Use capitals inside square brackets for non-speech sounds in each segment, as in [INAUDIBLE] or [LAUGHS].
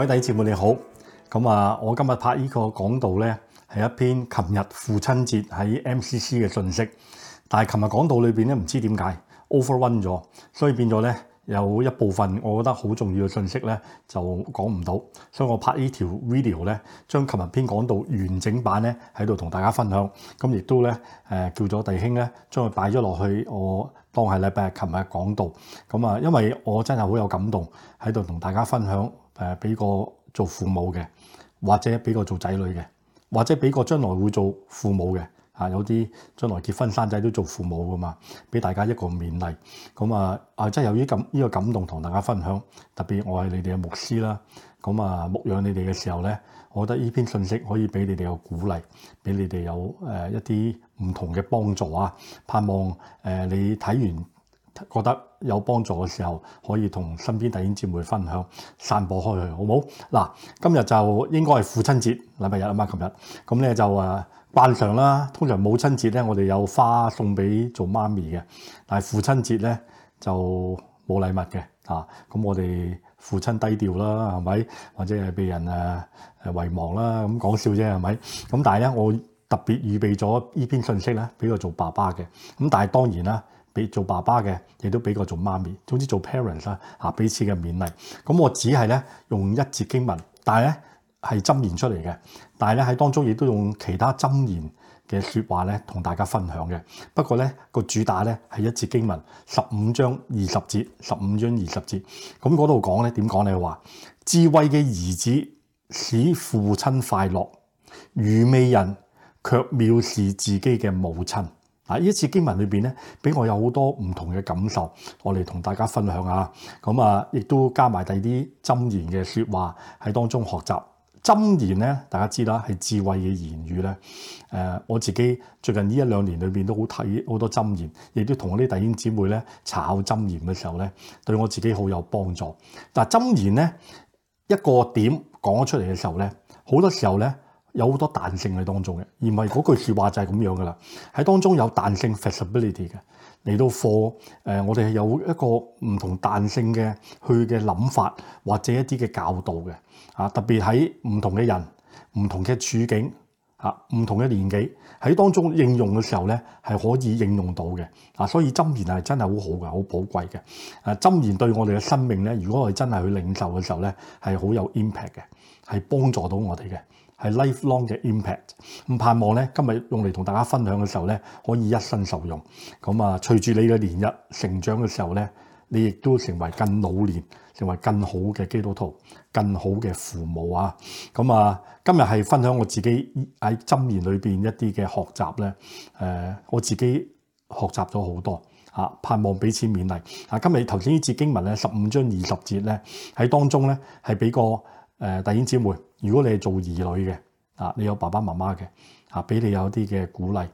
各位弟姐妹你好，咁啊，我今日拍個講呢個講道咧，係一篇琴日父親節喺 MCC 嘅信息。但係琴日講道裏邊咧，唔知點解 overrun 咗，所以變咗咧有一部分我覺得好重要嘅信息咧就講唔到，所以我拍呢條 video 咧，將琴日篇講道完整版咧喺度同大家分享。咁亦都咧誒、呃、叫咗弟兄咧將佢擺咗落去，我當係禮拜日琴日嘅講道。咁啊，因為我真係好有感動喺度同大家分享。誒俾個做父母嘅，或者俾個做仔女嘅，或者俾個將來會做父母嘅嚇，有啲將來結婚生仔都做父母㗎嘛，俾大家一個勉勵。咁啊啊，即、啊、係由於咁呢個感動同大家分享。特別我係你哋嘅牧師啦，咁啊牧養你哋嘅時候咧，我覺得呢篇信息可以俾你哋有鼓勵，俾你哋有誒一啲唔同嘅幫助啊。盼望誒、呃、你睇完。覺得有幫助嘅時候，可以同身邊弟兄姊妹分享、散播開去，好唔好？嗱，今日就應該係父親節禮拜日啊嘛，琴日咁咧就誒慣常啦。通常母親節咧，我哋有花送俾做媽咪嘅，但係父親節咧就冇禮物嘅啊。咁我哋父親低調啦，係咪？或者係被人誒遺忘啦？咁講笑啫係咪？咁但係咧，我特別預備咗呢篇信息咧，俾佢做爸爸嘅。咁但係當然啦。俾做爸爸嘅，亦都俾過做媽咪。總之做 parents 啦、啊，啊彼此嘅勉勵。咁我只係咧用一節經文，但係咧係箴言出嚟嘅。但係咧喺當中亦都用其他箴言嘅說話咧，同大家分享嘅。不過咧個主打咧係一節經文，十五章二十節，十五章二十節。咁嗰度講咧點講咧？話智慧嘅兒子使父親快樂，愚昧人卻藐視自己嘅母親。啊！呢一次經文裏邊咧，俾我有好多唔同嘅感受，我嚟同大家分享下。咁啊，亦都加埋第二啲箴言嘅説話喺當中學習。箴言咧，大家知啦，係智慧嘅言語咧。誒，我自己最近呢一兩年裏邊都好睇好多箴言，亦都同我啲弟兄姊妹咧查考箴言嘅時候咧，對我自己好有幫助。但箴言咧一個點講咗出嚟嘅時候咧，好多時候咧。有好多彈性喺當中嘅，而唔係嗰句説話就係咁樣噶啦。喺當中有彈性 flexibility 嘅，嚟 [NOISE] 到課誒、呃，我哋有一個唔同彈性嘅去嘅諗法或者一啲嘅教導嘅。啊，特別喺唔同嘅人、唔同嘅處境、啊唔同嘅年紀喺當中應用嘅時候咧，係可以應用到嘅。啊，所以箴言係真係好好嘅，好寶貴嘅。啊，箴言對我哋嘅生命咧，如果我哋真係去領受嘅時候咧，係好有 impact 嘅，係幫助到我哋嘅。係 lifelong 嘅 impact，咁盼望咧，今日用嚟同大家分享嘅時候咧，可以一生受用。咁啊，隨住你嘅年日成長嘅時候咧，你亦都成為更老年，成為更好嘅基督徒，更好嘅父母啊。咁啊，今日係分享我自己喺申言裏邊一啲嘅學習咧。誒、呃，我自己學習咗好多嚇，盼望彼此勉勵。啊，今日頭先呢節經文咧，十五章二十節咧，喺當中咧係俾個誒弟兄姊妹。如果你係做兒女嘅，啊，你有爸爸媽媽嘅，啊，俾你有啲嘅鼓勵。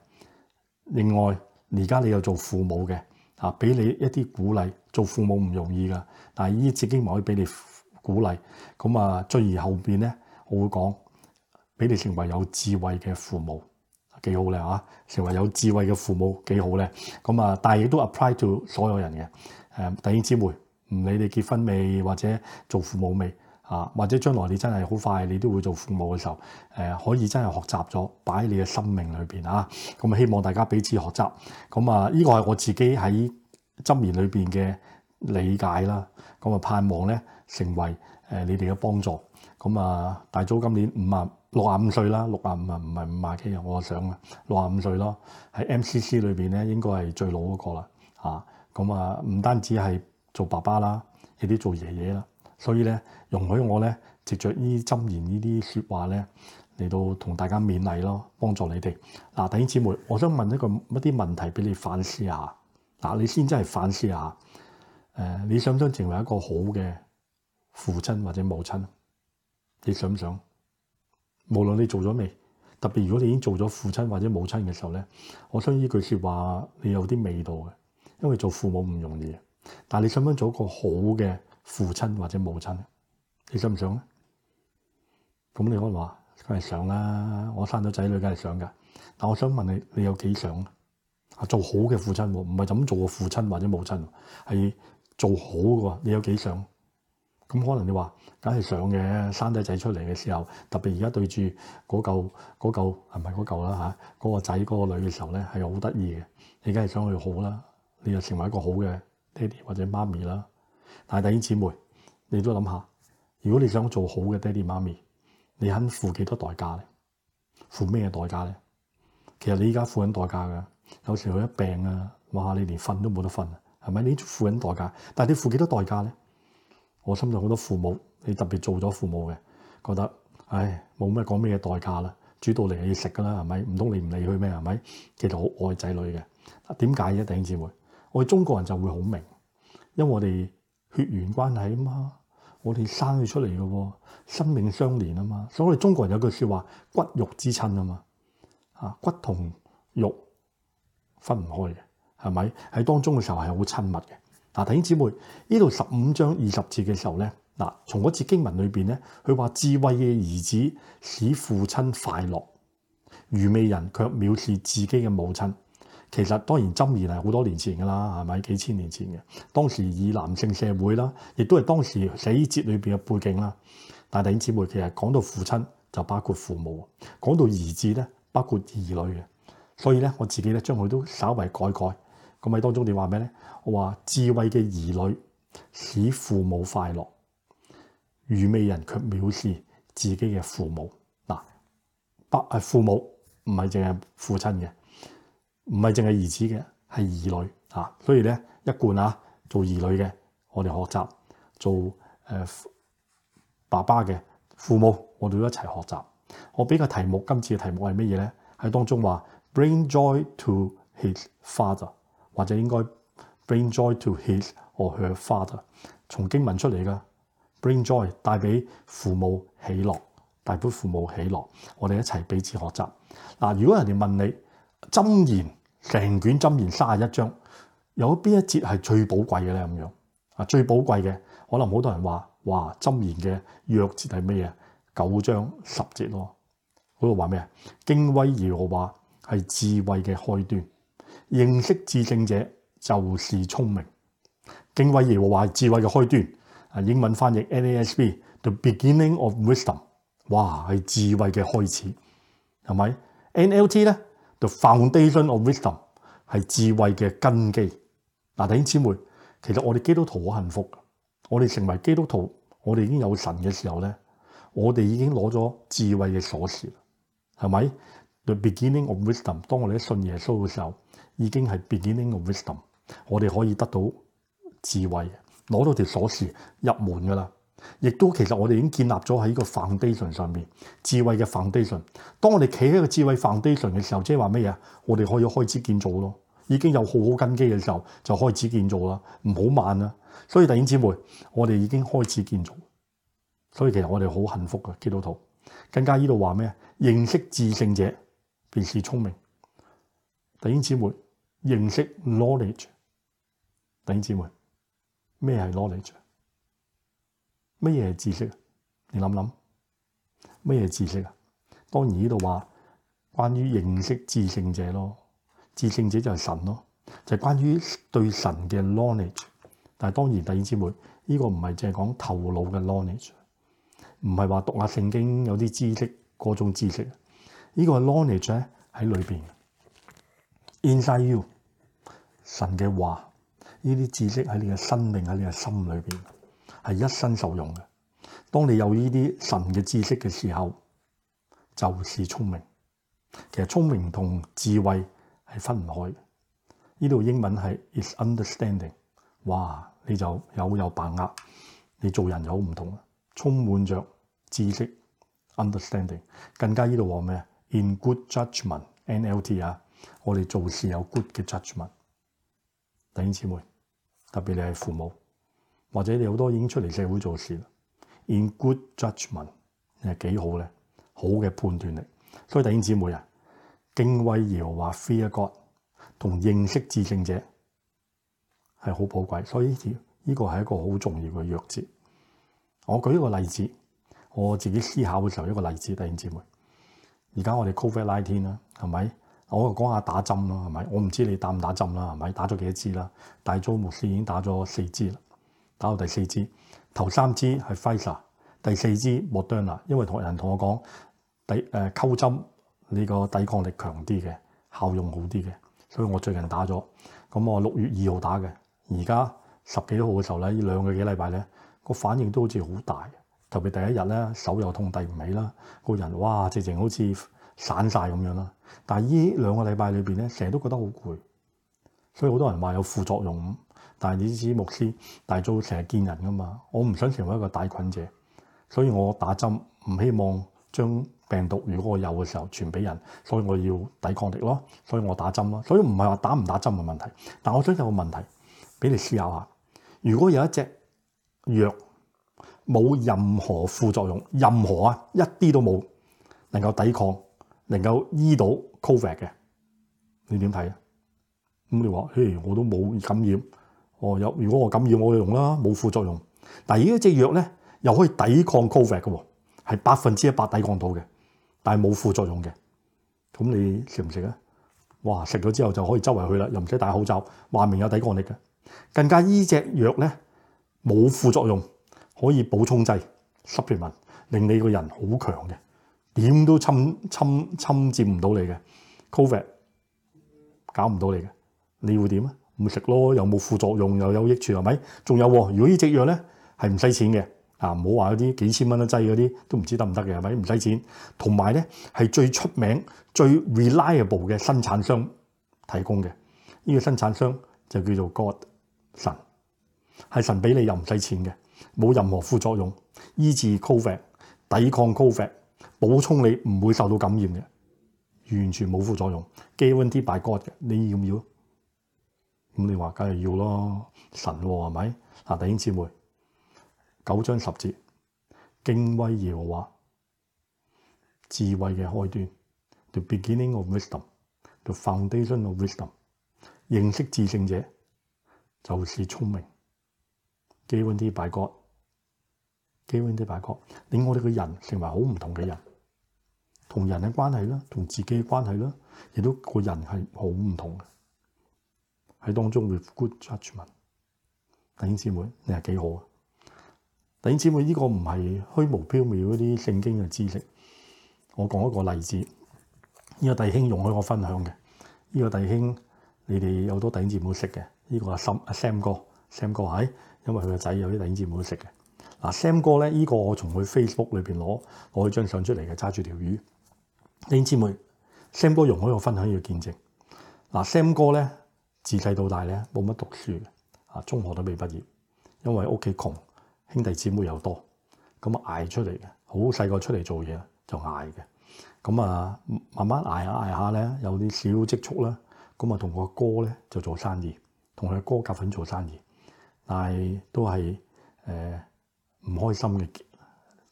另外，而家你有做父母嘅，啊，俾你一啲鼓勵。做父母唔容易㗎，但係呢次經文可以俾你鼓勵。咁啊，最後面呢，我會講俾你成為有智慧嘅父母，幾好呢？啊，成為有智慧嘅父母幾好呢。咁啊，但係亦都 apply to 所有人嘅，誒，弟兄姊妹，唔理你結婚未，或者做父母未。啊，或者將來你真係好快，你都會做父母嘅時候，誒、呃、可以真係學習咗擺喺你嘅生命裏邊啊。咁希望大家彼此學習。咁啊，呢、這個係我自己喺箴言裏邊嘅理解啦。咁啊，盼望咧成為誒、呃、你哋嘅幫助。咁啊，大早今年五啊六啊五歲啦，六啊五唔係五廿幾啊，我係想六啊五歲咯。喺 M C C 裏邊咧，應該係最老嗰個啦。啊，咁啊，唔、啊、單止係做爸爸啦，亦都做爺爺啦，所以咧。容許我咧，藉着呢啲箴言、呢啲説話咧，嚟到同大家勉勵咯，幫助你哋嗱。弟兄姊妹，我想問一個乜啲問題俾你反思下嗱，你先真係反思下。誒、呃，你想唔想成為一個好嘅父親或者母親？你想唔想？無論你做咗未，特別如果你已經做咗父親或者母親嘅時候咧，我想呢句説話你有啲味道嘅，因為做父母唔容易。但係你想唔想做一個好嘅父親或者母親？你想唔想咧？咁你可能話梗係想啦，我生咗仔女，梗係想㗎。但我想問你，你有幾想啊？做好嘅父親唔係就咁做個父親或者母親，係做好嘅喎。你有幾想？咁可能你話梗係想嘅。生仔仔出嚟嘅時候，特別而家對住嗰嚿嗰嚿係咪嗰嚿啦嚇嗰個仔嗰個女嘅時候咧，係好得意嘅。你梗係想佢好啦，你又成為一個好嘅爹哋或者媽咪啦。但係弟兄姊妹，你都諗下。如果你想做好嘅爹哋媽咪，你肯付幾多代價咧？付咩代價咧？其實你依家付緊代價噶，有時佢一病啊，哇！你連瞓都冇得瞓，係咪？你付緊代價，但係你付幾多代價咧？我心度好多父母，你特別做咗父母嘅，覺得唉，冇咩講咩嘅代價啦，煮到嚟你要食噶啦，係咪？唔通你唔理佢咩？係咪？其實好愛仔女嘅，點解啊？弟兄姊妹，我哋中國人就會好明，因為我哋血緣關係啊嘛。我哋生佢出嚟嘅喎，生命相連啊嘛，所以我哋中國人有句說話，骨肉之親啊嘛，啊骨同肉分唔開嘅，係咪喺當中嘅時候係好親密嘅？嗱、啊、弟兄姊妹，呢度十五章二十字嘅時候咧，嗱從嗰節經文裏邊咧，佢話智慧嘅兒子使父親快樂，愚昧人卻藐視自己嘅母親。其實當然，箴言係好多年前噶啦，係咪？幾千年前嘅，當時以男性社會啦，亦都係當時死節裏邊嘅背景啦。但弟兄姊妹，其實講到父親就包括父母，講到兒子咧包括兒女嘅。所以咧，我自己咧將佢都稍為改改。咁喺當中你話咩咧？我話智慧嘅兒女使父母快樂，愚昧人卻藐視自己嘅父母。嗱、啊，不係父母唔係淨係父親嘅。唔係淨係兒子嘅，係兒女嚇、啊，所以咧一貫啊，做兒女嘅，我哋學習做誒、呃、爸爸嘅父母，我哋都一齊學習。我俾個題目，今次嘅題目係乜嘢咧？喺當中話 bring joy to his father，或者應該 bring joy to his or her father，從經文出嚟㗎，bring joy 帶俾父母喜樂，帶俾父母喜樂，我哋一齊彼此學習。嗱、啊，如果人哋問你？箴言成卷，箴言三十一章，有邊一節係最寶貴嘅咧？咁樣啊，最寶貴嘅可能好多人話話箴言嘅弱節係咩嘢？九章十節咯。嗰度話咩啊？敬畏耶和華係智慧嘅開端，認識至聖者就是聰明。敬畏耶和華係智慧嘅開端啊。英文翻譯 N.A.S.B the beginning of wisdom，哇係智慧嘅開始係咪？N.L.T 咧？是就 foundation of wisdom 係智慧嘅根基嗱，弟兄姊妹，其實我哋基督徒好幸福，我哋成為基督徒，我哋已經有神嘅時候咧，我哋已經攞咗智慧嘅鎖匙，係咪？The beginning of wisdom，當我哋一信耶穌嘅時候，已經係 beginning of wisdom，我哋可以得到智慧，攞到條鎖匙入門㗎啦。亦都其實我哋已經建立咗喺呢個 foundation 上面智慧嘅 foundation。當我哋企喺個智慧 foundation 嘅時候，即係話咩嘢？我哋可以開始建造咯，已經有好好根基嘅時候就開始建造啦，唔好慢啦。所以弟兄姊妹，我哋已經開始建造，所以其實我哋好幸福噶基督徒。更加呢度話咩嘢？認識至聖者便是聰明。弟兄姊妹，認識 knowledge。弟兄姊妹，咩係 knowledge？乜嘢知識？你諗諗，乜嘢知識啊？當然呢度話關於認識至聖者咯，至聖者就係神咯，就係、是、關於對神嘅 knowledge。但係當然弟兄姊妹呢、這個唔係淨係講頭腦嘅 knowledge，唔係話讀下聖經有啲知識嗰種知識。呢、這個 knowledge 喺裏邊，inside you，神嘅話，呢啲知識喺你嘅生命喺你嘅心裏邊。係一生受用嘅。當你有呢啲神嘅知識嘅時候，就是聰明。其實聰明同智慧係分唔開嘅。呢度英文係 It's understanding，哇！你就有有把握，你做人又好唔同，充滿着知識 understanding。更加呢度話咩？In good judgment, NLT 啊，我哋做事有 good 嘅 judgment。弟兄姊妹，特別你係父母。或者你好多已經出嚟社會做事啦。In good judgment 係幾好咧，好嘅判斷力。所以弟兄姊妹啊，敬畏耶和華 Fear God 同認識至聖者係好寶貴。所以呢條呢個係一個好重要嘅弱節。我舉一個例子，我自己思考嘅時候一個例子，弟兄姊妹。而家我哋 COVID nineteen 啦，係咪？我講下打針啦，係咪？我唔知你打唔打針啦，係咪？打咗幾多支啦？大早牧師已經打咗四支啦。打到第四支，頭三支係輝瑞，第四支莫德納，因為同人同我講，第誒溝針呢個抵抗力強啲嘅，效用好啲嘅，所以我最近打咗，咁我六月二號打嘅，而家十幾號嘅時候咧，呢兩個幾禮拜咧，個反應都好似好大，特別第一日咧，手又痛遞唔起啦，個人哇，直情好似散晒咁樣啦，但係呢兩個禮拜裏邊咧，成日都覺得好攰，所以好多人話有副作用。但係，你知牧師大做成日見人㗎嘛？我唔想成為一個帶菌者，所以我打針唔希望將病毒如果我有嘅時候傳俾人，所以我要抵抗力咯，所以我打針咯。所以唔係話打唔打針嘅問題，但我想有個問題俾你思考下：如果有一隻藥冇任何副作用，任何啊一啲都冇，能夠抵抗、能夠醫到 Covid 嘅，你點睇啊？咁你話：嘿，我都冇感染。哦，有如果我咁要，我哋用啦，冇副作用。但係呢隻藥咧，又可以抵抗 Covid 嘅，係百分之一百抵抗到嘅，但係冇副作用嘅。咁你食唔食啊？哇，食咗之後就可以周圍去啦，又唔使戴口罩，話明有抵抗力嘅。更加呢隻藥咧，冇副作用，可以補充劑，supplement，令你個人好強嘅，點都侵侵侵佔唔到你嘅 Covid 搞唔到你嘅，你會點啊？咪食咯，又冇副作用，又有益處，係咪？仲有，如果呢隻藥咧係唔使錢嘅，啊，唔好話嗰啲幾千蚊一劑嗰啲，都唔知得唔得嘅，係咪？唔使錢，同埋咧係最出名、最 reliable 嘅生產商提供嘅。呢個生產商就叫做 God 神，係神俾你又唔使錢嘅，冇任何副作用，醫治 Covid，抵抗 Covid，補充你唔會受到感染嘅，完全冇副作用，guarantee by God 嘅，你要唔要？咁、嗯、你話梗係要咯，神喎係咪嗱？弟兄姊妹，九章十節，敬畏耶和華智慧嘅開端，the beginning of wisdom，the foundation of wisdom。認識至聖者就是聰明。Give unto the God，Give unto the God，令我哋嘅人成為好唔同嘅人，同人嘅關係啦，同自己嘅關係啦，亦都個人係好唔同嘅。喺當中 With good judgment，弟兄姊妹，你係幾好啊？弟兄姊妹，呢個唔係虛無飄渺一啲聖經嘅知識。我講一個例子，呢個弟兄容許我分享嘅。呢個弟兄，你哋有好多弟兄姊妹識嘅。呢個阿 Sam 阿 Sam 哥，Sam 哥係因為佢個仔有啲弟兄姊妹識嘅嗱。Sam 哥咧，呢個我從佢 Facebook 裏邊攞攞咗張相出嚟嘅，揸住條魚。弟兄姊妹，Sam 哥容許我分享呢個見證嗱。Sam 哥咧。自細到大咧，冇乜讀書嘅啊，中學都未畢業，因為屋企窮，兄弟姊妹又多，咁啊捱出嚟嘅。好細個出嚟做嘢就捱嘅，咁啊慢慢捱下捱下咧，有啲小積蓄啦。咁啊同個哥咧就做生意，同佢阿哥夾份做生意，但係都係誒唔開心嘅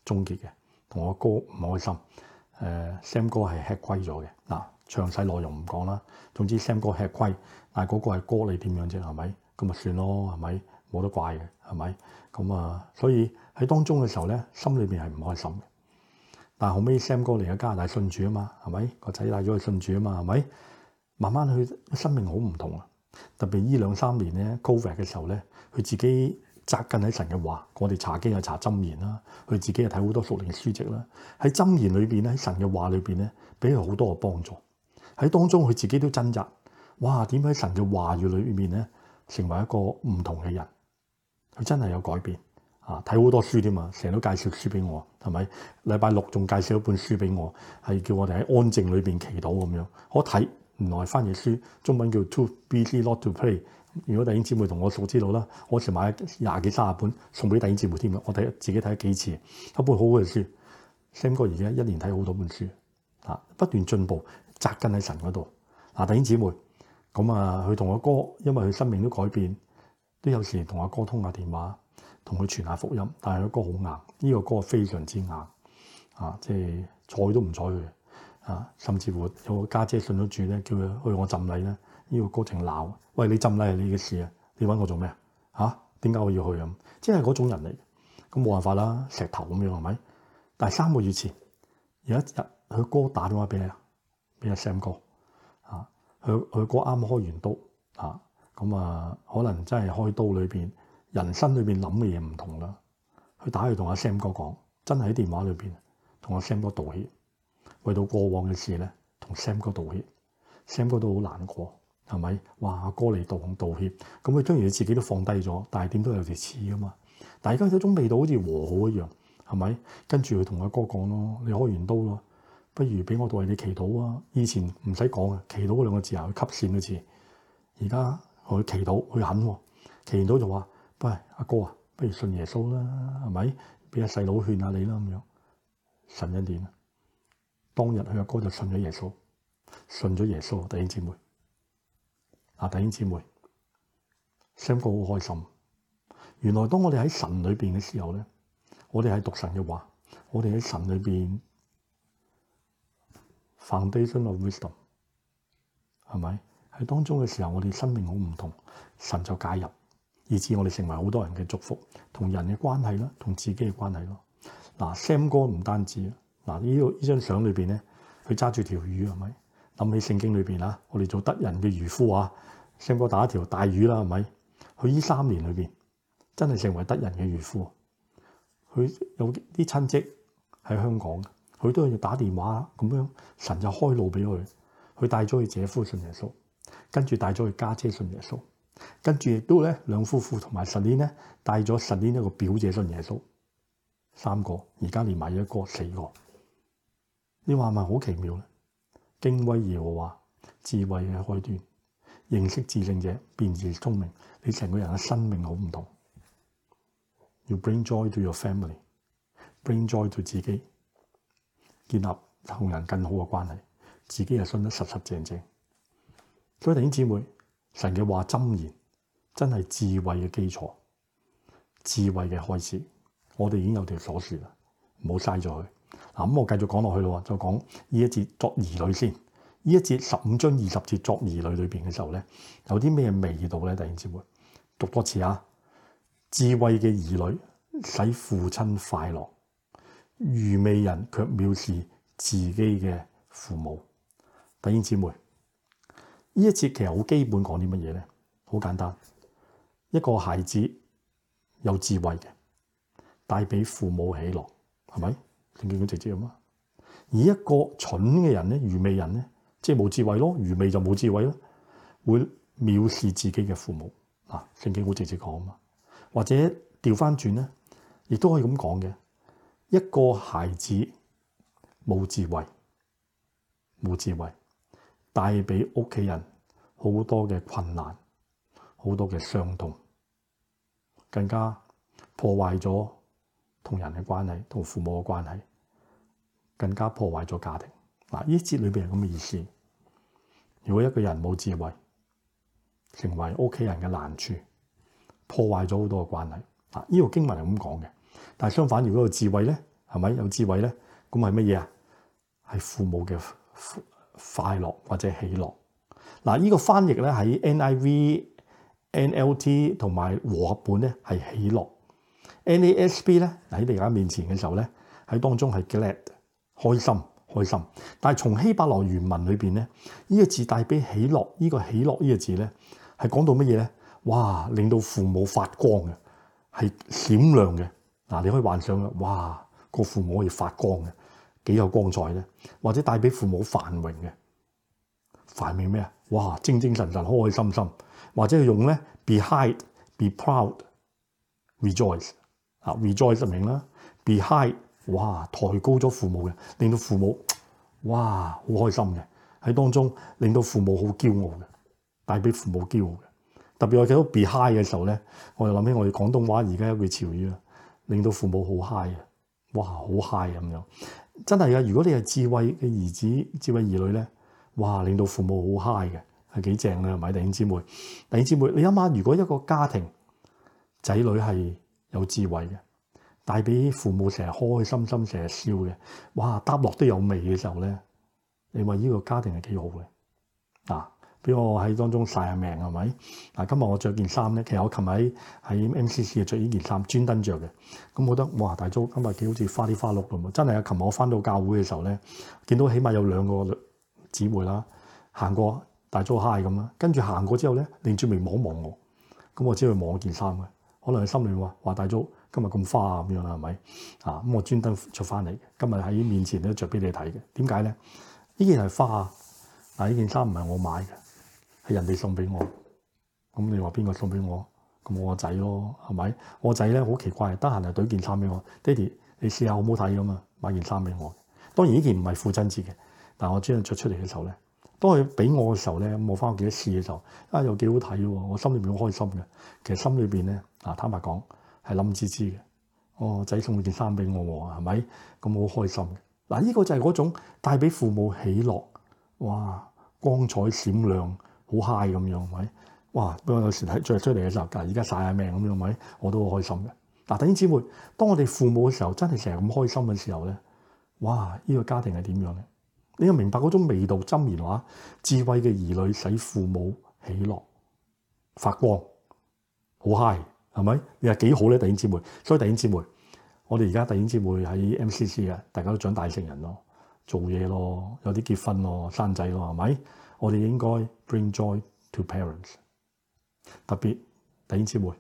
終結嘅。同我阿哥唔開心，誒、呃、Sam 哥係吃虧咗嘅嗱。詳細內容唔講啦，總之 Sam 哥吃虧。嗱，嗰個係哥你點樣啫？係咪？咁咪算咯，係咪？冇得怪嘅，係咪？咁啊，所以喺當中嘅時候咧，心裏邊係唔開心嘅。但係後尾 Sam 哥嚟咗加拿大信主啊嘛，係咪？個仔帶咗去信主啊嘛，係咪？慢慢去生命好唔同啊！特別依兩三年咧，Covid 嘅時候咧，佢自己紮根喺神嘅話，我哋查經又查箴言啦，佢自己又睇好多屬靈嘅書籍啦。喺箴言裏邊咧，喺神嘅話裏邊咧，俾佢好多嘅幫助。喺當中佢自己都掙扎。哇！點解喺神嘅話語裏面咧，成為一個唔同嘅人？佢真係有改變啊！睇好多書添啊，成日都介紹書俾我，係咪？禮拜六仲介紹一本書俾我，係叫我哋喺安靜裏邊祈禱咁樣。我睇原來係翻譯書，中文叫《To Be Not To Play》。如果弟兄姊妹同我所知道啦，我以前買廿幾三十本送俾弟兄姊妹添。我睇自己睇幾次，一本好好嘅書。Sam 哥而家一年睇好多本書啊，不斷進步，扎根喺神嗰度嗱。弟兄姊妹。咁啊，佢同我哥，因為佢生命都改變，都有時同阿哥通下電話，同佢傳下福音。但係佢哥好硬，呢、這個哥係非常之硬啊！即係睬都唔睬佢啊！甚至乎有個家姐，姐信咗主，咧，叫佢去我浸禮咧，呢、這個哥淨鬧，喂，你浸禮係你嘅事你啊，你揾我做咩啊？嚇？點解我要去咁、啊、即係嗰種人嚟，咁、啊、冇辦法啦，石頭咁樣係咪？但係三個月前有一日，佢哥打電話俾你啦，俾阿 Sam 哥。佢佢哥啱開完刀啊，咁、嗯、啊可能真係開刀裏邊人生裏邊諗嘅嘢唔同啦。佢打去同阿 Sam 哥講，真係喺電話裏邊同阿 Sam 哥道歉，為到過往嘅事咧同 Sam 哥道歉。Sam 哥都好難過，係咪？話阿哥嚟道道歉，咁、嗯、佢雖然自己都放低咗，但係點都有啲刺啊嘛。但係而家有一種味道好似和好一樣，係咪？跟住佢同阿哥講咯，你開完刀咯。不如俾我代你祈禱啊！以前唔使講啊，祈禱嗰兩個字啊，去吸線嘅字。而家去祈禱，去肯喎，祈完禱就話：喂，阿哥啊，不如信耶穌啦，係咪？俾阿細佬勸下你啦，咁樣。神恩典啊。當日佢阿哥就信咗耶穌，信咗耶穌，弟兄姊妹，啊，弟兄姊妹，Sam 哥好開心。原來當我哋喺神裏邊嘅時候咧，我哋喺讀神嘅話，我哋喺神裏邊。Foundation of wisdom 係咪喺當中嘅時候，我哋生命好唔同，神就介入，以至我哋成為好多人嘅祝福，同人嘅關係啦，同自己嘅關係咯。嗱，Sam 哥唔單止，嗱呢個呢張相裏邊咧，佢揸住條魚係咪？諗起聖經裏邊啊，我哋做得人嘅漁夫啊，Sam 哥打一條大魚啦係咪？佢呢三年裏邊真係成為得人嘅漁夫，佢有啲親戚喺香港。佢都係要打電話咁樣，神就開路俾佢。佢帶咗佢姐夫信耶穌，跟住帶咗佢家姐信耶穌，跟住亦都咧兩夫婦同埋十年咧帶咗十年一個表姐信耶穌，三個而家連埋一個四個。你話係咪好奇妙咧？敬畏耶和華智慧嘅開端，認識至聖者便是聰明，你成個人嘅生命好唔同。要 bring joy to your family，bring joy to 自己。建立同人更好嘅關係，自己又信得實實正正。所以弟兄姊妹，神嘅話真言，真係智慧嘅基礎，智慧嘅開始。我哋已經有條鎖匙啦，唔好嘥咗佢。嗱、啊，咁、嗯、我繼續講落去咯。就講呢一節作兒女先。呢一節十五章二十節作兒女裏邊嘅時候咧，有啲咩味道咧？弟兄姊妹，讀多次啊！智慧嘅兒女使父親快樂。愚昧人卻藐視自己嘅父母，弟兄姊妹，呢一節其實好基本講啲乜嘢呢？好簡單，一個孩子有智慧嘅，帶俾父母喜樂，係咪聖經會直接咁啊？而一個蠢嘅人咧，愚昧人咧，即係冇智慧咯，愚昧就冇智慧咯，會藐視自己嘅父母啊，聖經會直接講嘛。或者調翻轉咧，亦都可以咁講嘅。一個孩子冇智慧，冇智慧帶俾屋企人好多嘅困難，好多嘅傷痛，更加破壞咗同人嘅關係，同父母嘅關係，更加破壞咗家庭。嗱，呢節裏面係咁嘅意思。如果一個人冇智慧，成為屋企人嘅難處，破壞咗好多嘅關係。嗱，呢個經文係咁講嘅。但係相反，如果個智慧咧，係咪有智慧咧？咁係乜嘢啊？係父母嘅快樂或者喜樂。嗱，呢個翻譯咧喺 NIV、NLT 同埋和合本咧係喜樂。NASB 咧喺你而家面前嘅時候咧喺當中係 glad 開心開心。但係從希伯來原文裏邊咧呢個字帶俾喜樂呢、呢個喜樂呢個字咧係講到乜嘢咧？哇！令到父母發光嘅係閃亮嘅。嗱，你可以幻想嘅，哇！個父母可以發光嘅，幾有光彩咧，或者帶俾父母繁榮嘅繁榮咩啊？哇！精精神神，開開心心，或者用咧 be high，be proud，rejoice 啊，rejoice 明啦 be high，哇！抬高咗父母嘅，令到父母哇好開心嘅喺當中，令到父母好驕傲嘅，帶俾父母驕傲嘅。特別我睇到 be high 嘅時候咧，我就諗起我哋廣東話而家一句潮語啦～令到父母好嗨嘅，哇，好嗨啊！咁樣真係嘅。如果你係智慧嘅兒子、智慧兒女咧，哇，令到父母好嗨嘅，係幾正嘅。咪弟兄姊妹，弟兄姊妹，你諗下，如果一個家庭仔女係有智慧嘅，帶俾父母成日開開心心，成日笑嘅，哇，搭落都有味嘅時候咧，你話呢個家庭係幾好嘅啊？俾我喺當中晒下命係咪？嗱，今日我着件衫咧，其實我琴日喺 MCC 着呢件衫專登着嘅。咁我覺得哇，大租今日好似花啲花碌咁真係啊，琴日我翻到教會嘅時候咧，見到起碼有兩個姊妹啦行過，大租嗨，hi 咁啦。跟住行過之後咧，用轉眉望望我，咁我知佢望我件衫嘅。可能佢心裏面話：大租今日咁花咁樣啦，係咪？啊咁、嗯，我專登着翻嚟，今日喺面前咧着俾你睇嘅。點解咧？呢件係花啊！嗱，呢件衫唔係我買嘅。係人哋送俾我咁，你話邊個送俾我？咁我個仔咯，係咪？我個仔咧好奇怪，得閒就攞件衫俾我，爹哋，你試下好唔好睇咁啊？買件衫俾我。當然呢件唔係父親節嘅，但係我專登着出嚟嘅時候咧，當佢俾我嘅時候咧，我翻屋企一試嘅時候，啊又幾好睇喎！我心裏面好開心嘅。其實心裏邊咧，嗱坦白講係冧滋滋嘅。哦，仔送件衫俾我喎，係咪咁好開心嘅嗱？呢、啊呢個就係嗰種帶俾父母喜樂，哇光彩閃亮。好 high 咁樣，係咪？哇！不過有時睇著出嚟嘅時候，嗱，而家晒下命咁樣，係咪？我都好開心嘅。嗱、啊，弟兄姊妹，當我哋父母嘅時候，真係成日咁開心嘅時候咧，哇！呢個家庭係點樣咧？你要明白嗰種味道，箴言話，智慧嘅兒女使父母喜樂發光，好 high 係咪？你話幾好咧，弟兄姊妹。所以弟兄姊妹，我哋而家弟兄姊妹喺 MCC 嘅，大家都長大成人咯，做嘢咯，有啲結婚咯，生仔咯，係咪？我哋應該 bring joy to parents，特別弟兄姊妹，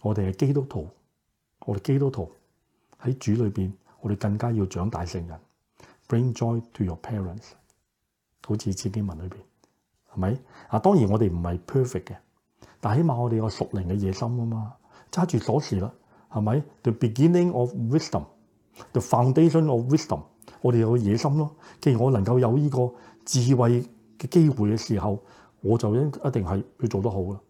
我哋係基督徒，我哋基督徒喺主裏邊，我哋更加要長大成人，bring joy to your parents。好似《詩經文裏面》裏邊係咪啊？當然我哋唔係 perfect 嘅，但起碼我哋有屬靈嘅野心啊嘛，揸住鎖匙啦係咪？The beginning of wisdom，the foundation of wisdom，我哋有野心咯。既然我能夠有呢個智慧。嘅機會嘅時候，我就應一定係要做得好啦。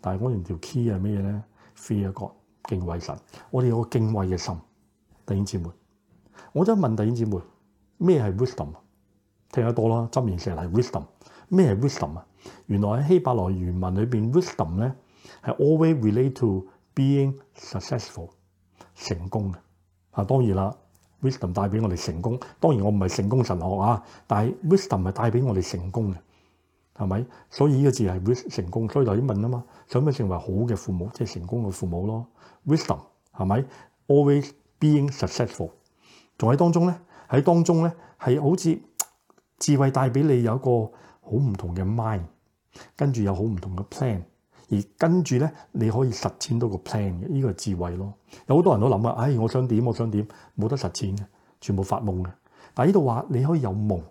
但係我哋條 key 係咩嘢咧？Fear God，敬畏神。我哋有個敬畏嘅心。弟兄姊妹，我想係問弟兄姊妹，咩係 wisdom 啊？聽得多啦，箴言成日係 wisdom。咩係 wisdom 啊？原來喺希伯來原文裏邊，wisdom 咧係 always relate to being successful，成功嘅。啊，當然啦。Wisdom 帶俾我哋成功，當然我唔係成功神學啊，但係 Wisdom 係帶俾我哋成功嘅，係咪？所以呢個字係 Wisdom 成功，所以就要問啊嘛？想唔想成為好嘅父母，即係成功嘅父母咯？Wisdom 係咪？Always being successful，仲喺當中咧，喺當中咧係好似智慧帶俾你有一個好唔同嘅 mind，跟住有好唔同嘅 plan。而跟住咧，你可以實踐到個 plan 嘅，呢個係智慧咯。有好多人都諗啊，唉，我想點，我想點，冇得實踐嘅，全部發夢嘅。但係呢度話你可以有夢，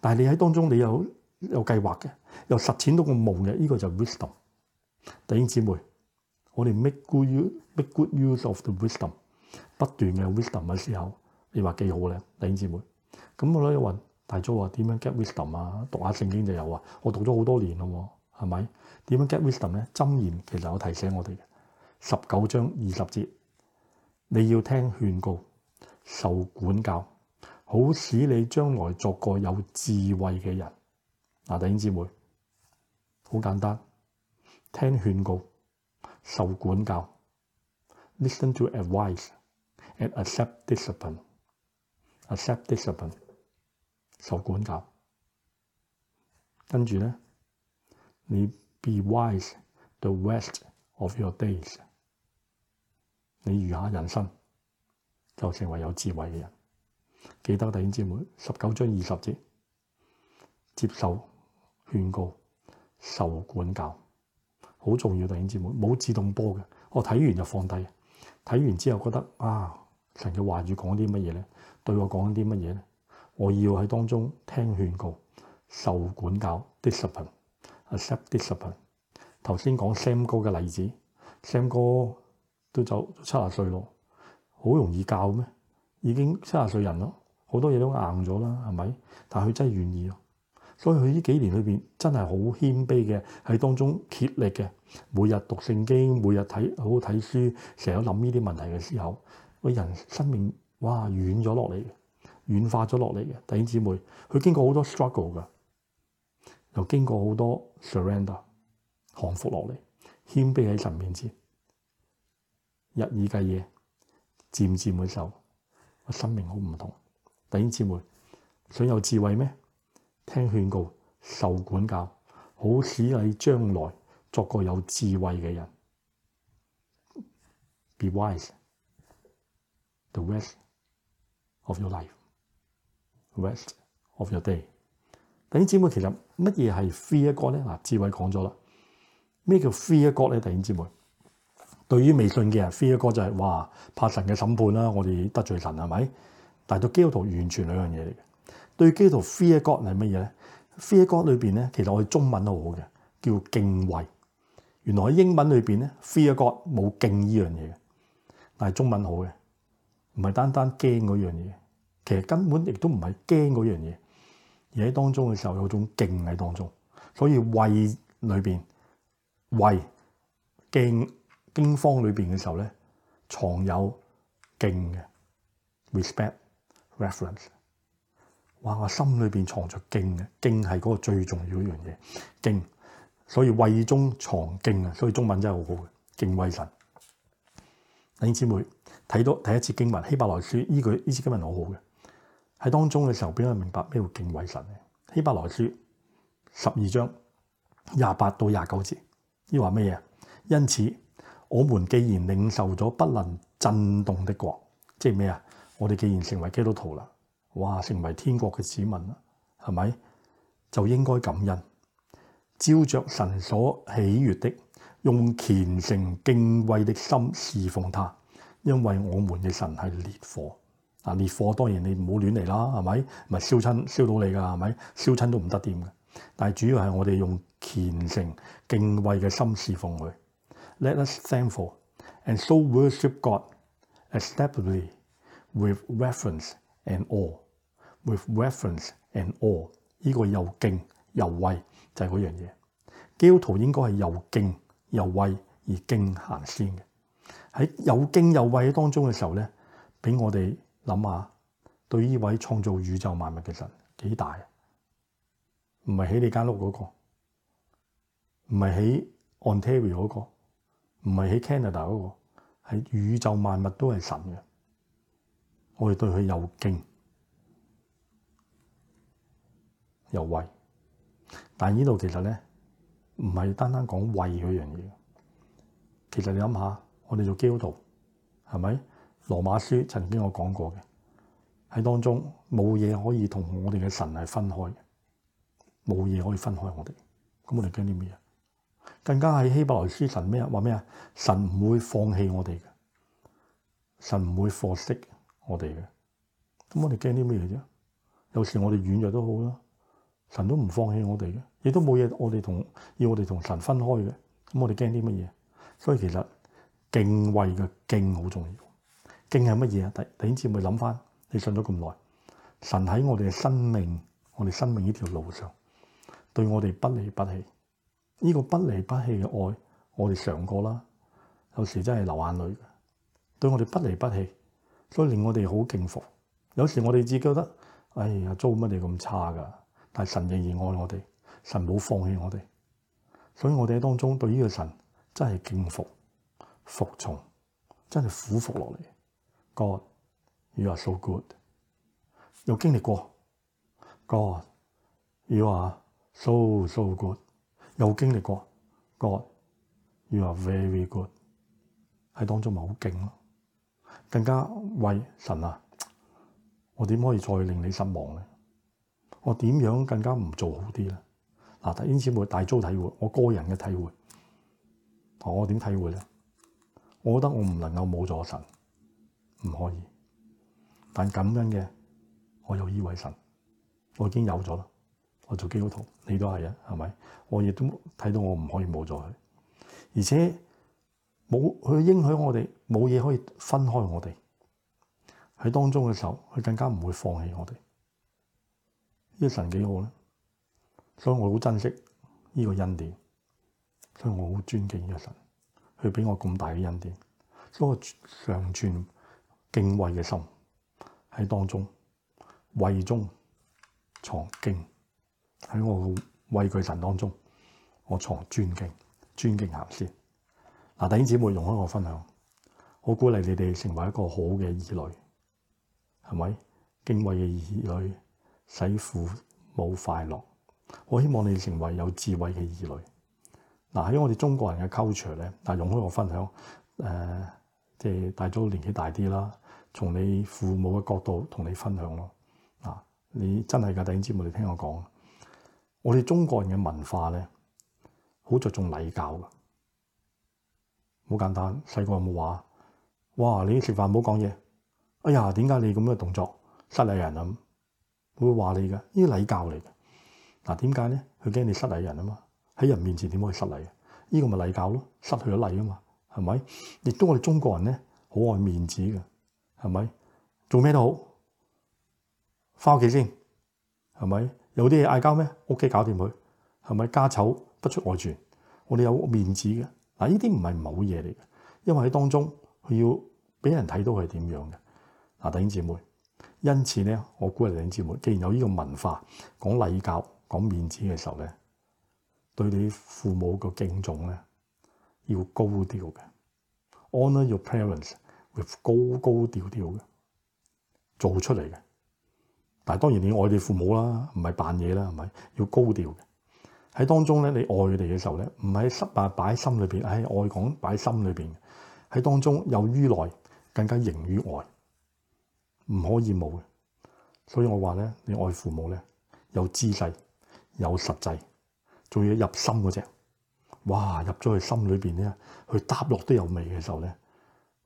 但係你喺當中你有有計劃嘅，又實踐到個夢嘅，呢個就係 wisdom。弟兄姊妹，我哋 make good use make good use of the wisdom，不斷嘅 wisdom 嘅時候，你話幾好咧？弟兄姊妹，咁我咧話大眾話點樣 get wisdom 啊？讀下聖經就有啊，我讀咗好多年咯。係咪點樣 get wisdom 咧？箴言其實有提醒我哋嘅十九章二十節，你要聽勸告、受管教，好使你將來作個有智慧嘅人。嗱、啊，弟兄姊妹，好簡單，聽勸告、受管教。Listen to advice and accept discipline. Accept discipline，受管教。跟住咧。你 be wise the rest of your days。你馀下人生就成為有智慧嘅人。記得弟兄姊妹十九章二十節，接受勸告、受管教，好重要。弟兄姊妹冇自動波嘅，我睇完就放低。睇完之後覺得啊，神嘅話語講啲乜嘢呢？對我講啲乜嘢呢？我要喺當中聽勸告、受管教、discipline。Accept discipline。頭先講 Sam 哥嘅例子，Sam 哥都走七十歲咯，好容易教咩？已經七十歲人咯，好多嘢都硬咗啦，係咪？但係佢真係願意啊，所以佢呢幾年裏邊真係好謙卑嘅，喺當中竭力嘅，每日讀聖經，每日睇好好睇書，成日都諗呢啲問題嘅時候，個人生命哇軟咗落嚟嘅，軟化咗落嚟嘅，弟兄姊妹，佢經過好多 struggle 㗎。又經過好多 surrender，降服落嚟，謙卑喺神面前，日以繼夜，漸漸會受，我生命好唔同。弟兄姊妹想有智慧咩？聽勸告，受管教，好使你將來作個有智慧嘅人。Be wise the rest of your life, the rest of your day. 弟兄姊妹，其實乜嘢係 fear God 咧？嗱，志偉講咗啦，咩叫 fear God 咧？弟兄姊妹，對於迷信嘅人，fear God 就係、是、哇怕神嘅審判啦，我哋得罪神係咪？但係對基督徒完全兩樣嘢嚟嘅。對基督徒 fear God 係乜嘢咧？fear God 裏邊咧，其實我哋中文都好嘅，叫敬畏。原來喺英文裏邊咧，fear God 冇敬呢樣嘢嘅，但係中文好嘅，唔係單單驚嗰樣嘢，其實根本亦都唔係驚嗰樣嘢。嘢喺當中嘅時候有種敬喺當中，所以畏裏邊畏敬驚慌裏邊嘅時候呢，藏有敬嘅 respect、reference。哇！我心裏邊藏着敬嘅敬，係嗰個最重要的一樣嘢，敬。所以畏中藏敬啊！所以中文真係好好嘅，敬畏神。弟兄姊妹睇到第一次經文希伯來書，依句依節經文很好好嘅。喺當中嘅時候，俾我明白咩叫敬畏神咧？希伯來書十二章廿八到廿九節呢話乜嘢？因此，我們既然領受咗不能震動的國，即係咩啊？我哋既然成為基督徒啦，哇，成為天國嘅子民啦，係咪？就應該感恩，照着神所喜悅的，用虔誠敬畏的心侍奉他，因為我們嘅神係烈火。嗱，烈火當然你唔好亂嚟啦，係咪？咪燒親燒到你㗎，係咪？燒親都唔得掂嘅。但係主要係我哋用虔誠敬畏嘅心事奉佢。Let us thankful and so worship God acceptably with reverence and awe with reverence and awe 呢個又敬又畏就係、是、嗰樣嘢。基督徒應該係又敬又畏，而敬行先嘅。喺有敬有畏當中嘅時候咧，俾我哋。諗下，對依位創造宇宙萬物嘅神幾大？唔係喺你間屋嗰個，唔係喺 Ontario 嗰個，唔係喺 Canada 嗰個，係宇宙萬物都係神嘅。我哋對佢又敬又畏，但係依度其實咧，唔係單單講畏嗰樣嘢。其實你諗下，我哋做基督徒係咪？羅馬書曾經我講過嘅，喺當中冇嘢可以同我哋嘅神係分開嘅，冇嘢可以分開我哋。咁我哋驚啲咩啊？更加係希伯來書神咩話咩啊？神唔會放棄我哋嘅，神唔會放棄我哋嘅。咁我哋驚啲咩嘅啫？有時我哋軟弱都好啦，神都唔放棄我哋嘅，亦都冇嘢我哋同要我哋同神分開嘅。咁我哋驚啲乜嘢？所以其實敬畏嘅敬好重要。敬係乜嘢啊？突突然之會諗翻，你信咗咁耐，神喺我哋嘅生命，我哋生命呢條路上對我哋不離不棄。呢、呢個不離不棄嘅愛，我哋嘗過啦。有時真係流眼淚，對我哋不離不棄，所以令我哋好敬服。有時我哋只覺得哎呀，做乜嘢你咁差㗎？但係神仍然愛我哋，神冇放棄我哋，所以我哋喺當中對呢個神真係敬服、服從，真係苦服落嚟。God，you are so good。有經歷過 God，you are so so good。有經歷過 God，you are very good。喺當中咪好勁咯，更加為神啊！我點可以再令你失望咧？我點樣更加唔做好啲咧？嗱，因此會大遭體會，我個人嘅體會，同我點體會咧？我覺得我唔能夠冇咗神。唔可以，但噉樣嘅我有呢位神，我已經有咗啦。我做基督徒，你都係啊，係咪？我亦都睇到我唔可以冇咗佢，而且冇佢應許我哋冇嘢可以分開我哋喺當中嘅時候，佢更加唔會放棄我哋。呢個神幾好咧，所以我好珍惜呢個恩典，所以我好尊敬呢個神，佢俾我咁大嘅恩典。所以我上串。敬畏嘅心喺當中，畏中藏敬，喺我畏懼神當中，我藏尊敬，尊敬神先。嗱、啊、弟兄姊妹，容許我分享，我鼓勵你哋成為一個好嘅兒女，係咪？敬畏嘅兒女使父母快樂。我希望你哋成為有智慧嘅兒女。嗱、啊、喺我哋中國人嘅 culture 咧，但係容許我分享，誒、呃，即、就、係、是、大咗年紀大啲啦。從你父母嘅角度同你分享咯。啊，你真係噶，第二節目你聽我講，我哋中國人嘅文化咧好着重禮教噶。好簡單，細個有冇話？哇！你食飯唔好講嘢。哎呀，點解你咁嘅動作失禮人啊？會話你噶，呢啲禮教嚟。嗱，點解咧？佢驚你失禮人啊嘛。喺人面前點可以失禮？呢個咪禮教咯，失去咗禮啊嘛，係咪？亦都我哋中國人咧好愛面子嘅。係咪做咩都好翻屋企先，係咪有啲嘢嗌交咩？屋企搞掂佢，係咪家醜不出外傳？我哋有面子嘅嗱，呢啲唔係冇嘢嚟嘅，因為喺當中佢要俾人睇到佢係點樣嘅嗱，弟兄姊妹，因此咧，我估計，弟兄姊妹既然有呢個文化講禮教講面子嘅時候咧，對你父母嘅敬重咧要高調嘅，honor your parents。高高調調嘅做出嚟嘅，但係當然你愛你父母啦，唔係扮嘢啦，係咪？要高調嘅喺當中咧，你愛佢哋嘅時候咧，唔係喺失敗擺喺心裏邊，係愛講擺喺心裏邊，喺當中有於內更加盈於外，唔可以冇嘅。所以我話咧，你愛父母咧有姿勢有實際，仲要入心嗰隻，哇！入咗去心裏邊咧，佢搭落都有味嘅時候咧，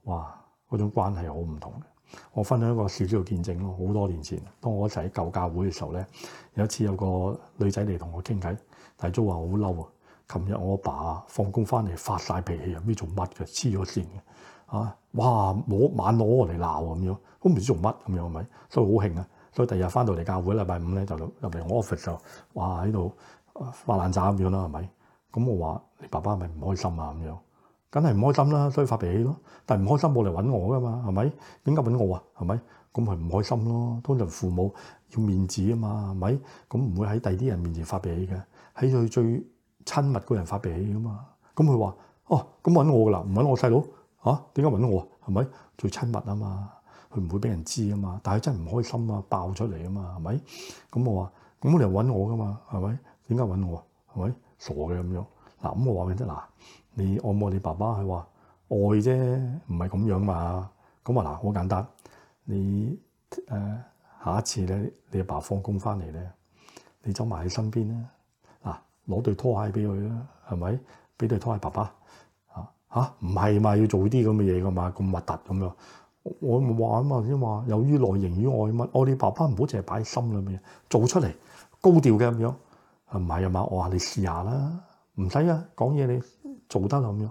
哇！嗰種關係好唔同嘅，我分享一個小小嘅見證咯。好多年前，當我一齊喺舊教會嘅時候咧，有一次有個女仔嚟同我傾偈，大早話好嬲啊！琴日我阿爸放工翻嚟發晒脾氣，唔知做乜嘅，黐咗線嘅啊！哇，攞碗攞我嚟鬧咁樣，都唔知做乜咁樣，係咪？所以好興啊！所以第二日翻到嚟教會禮拜五咧，就入嚟我 office 就哇喺度、啊、發爛渣咁樣啦，係咪？咁我話你爸爸係咪唔開心啊咁樣。梗係唔開心啦，所以發脾氣咯。但係唔開心冇嚟揾我噶嘛，係咪？點解揾我啊？係咪？咁佢唔開心咯。通常父母要面子啊嘛，係咪？咁唔會喺第二啲人面前發脾氣嘅，喺佢最親密個人發脾氣啊嘛。咁佢話：哦，咁揾我噶啦，唔揾我細佬嚇？點解揾我啊？係咪？最親密啊嘛，佢唔會俾人知啊嘛。但係真係唔開心啊，爆出嚟啊嘛，係咪？咁我話：咁你嚟揾我噶嘛，係咪？點解揾我啊？係咪？傻嘅咁樣。嗱、啊，咁我話俾你聽嗱。啊你愛唔愛你爸爸？佢話愛啫。唔係咁樣嘛。咁啊嗱，好簡單。你誒、呃、下一次咧，你阿爸放工翻嚟咧，你走埋喺身邊啦。嗱、啊，攞對拖鞋俾佢啦，係咪？俾對拖鞋爸爸嚇嚇。唔係嘛，要做啲咁嘅嘢噶嘛，咁核突咁樣。我咪話啊嘛，先話由於內型與外物愛你爸爸唔好，淨係擺心裏面做出嚟高調嘅咁樣。唔係啊嘛，我你嘗嘗、啊、話你試下啦，唔使啊，講嘢你。做得啊咁樣，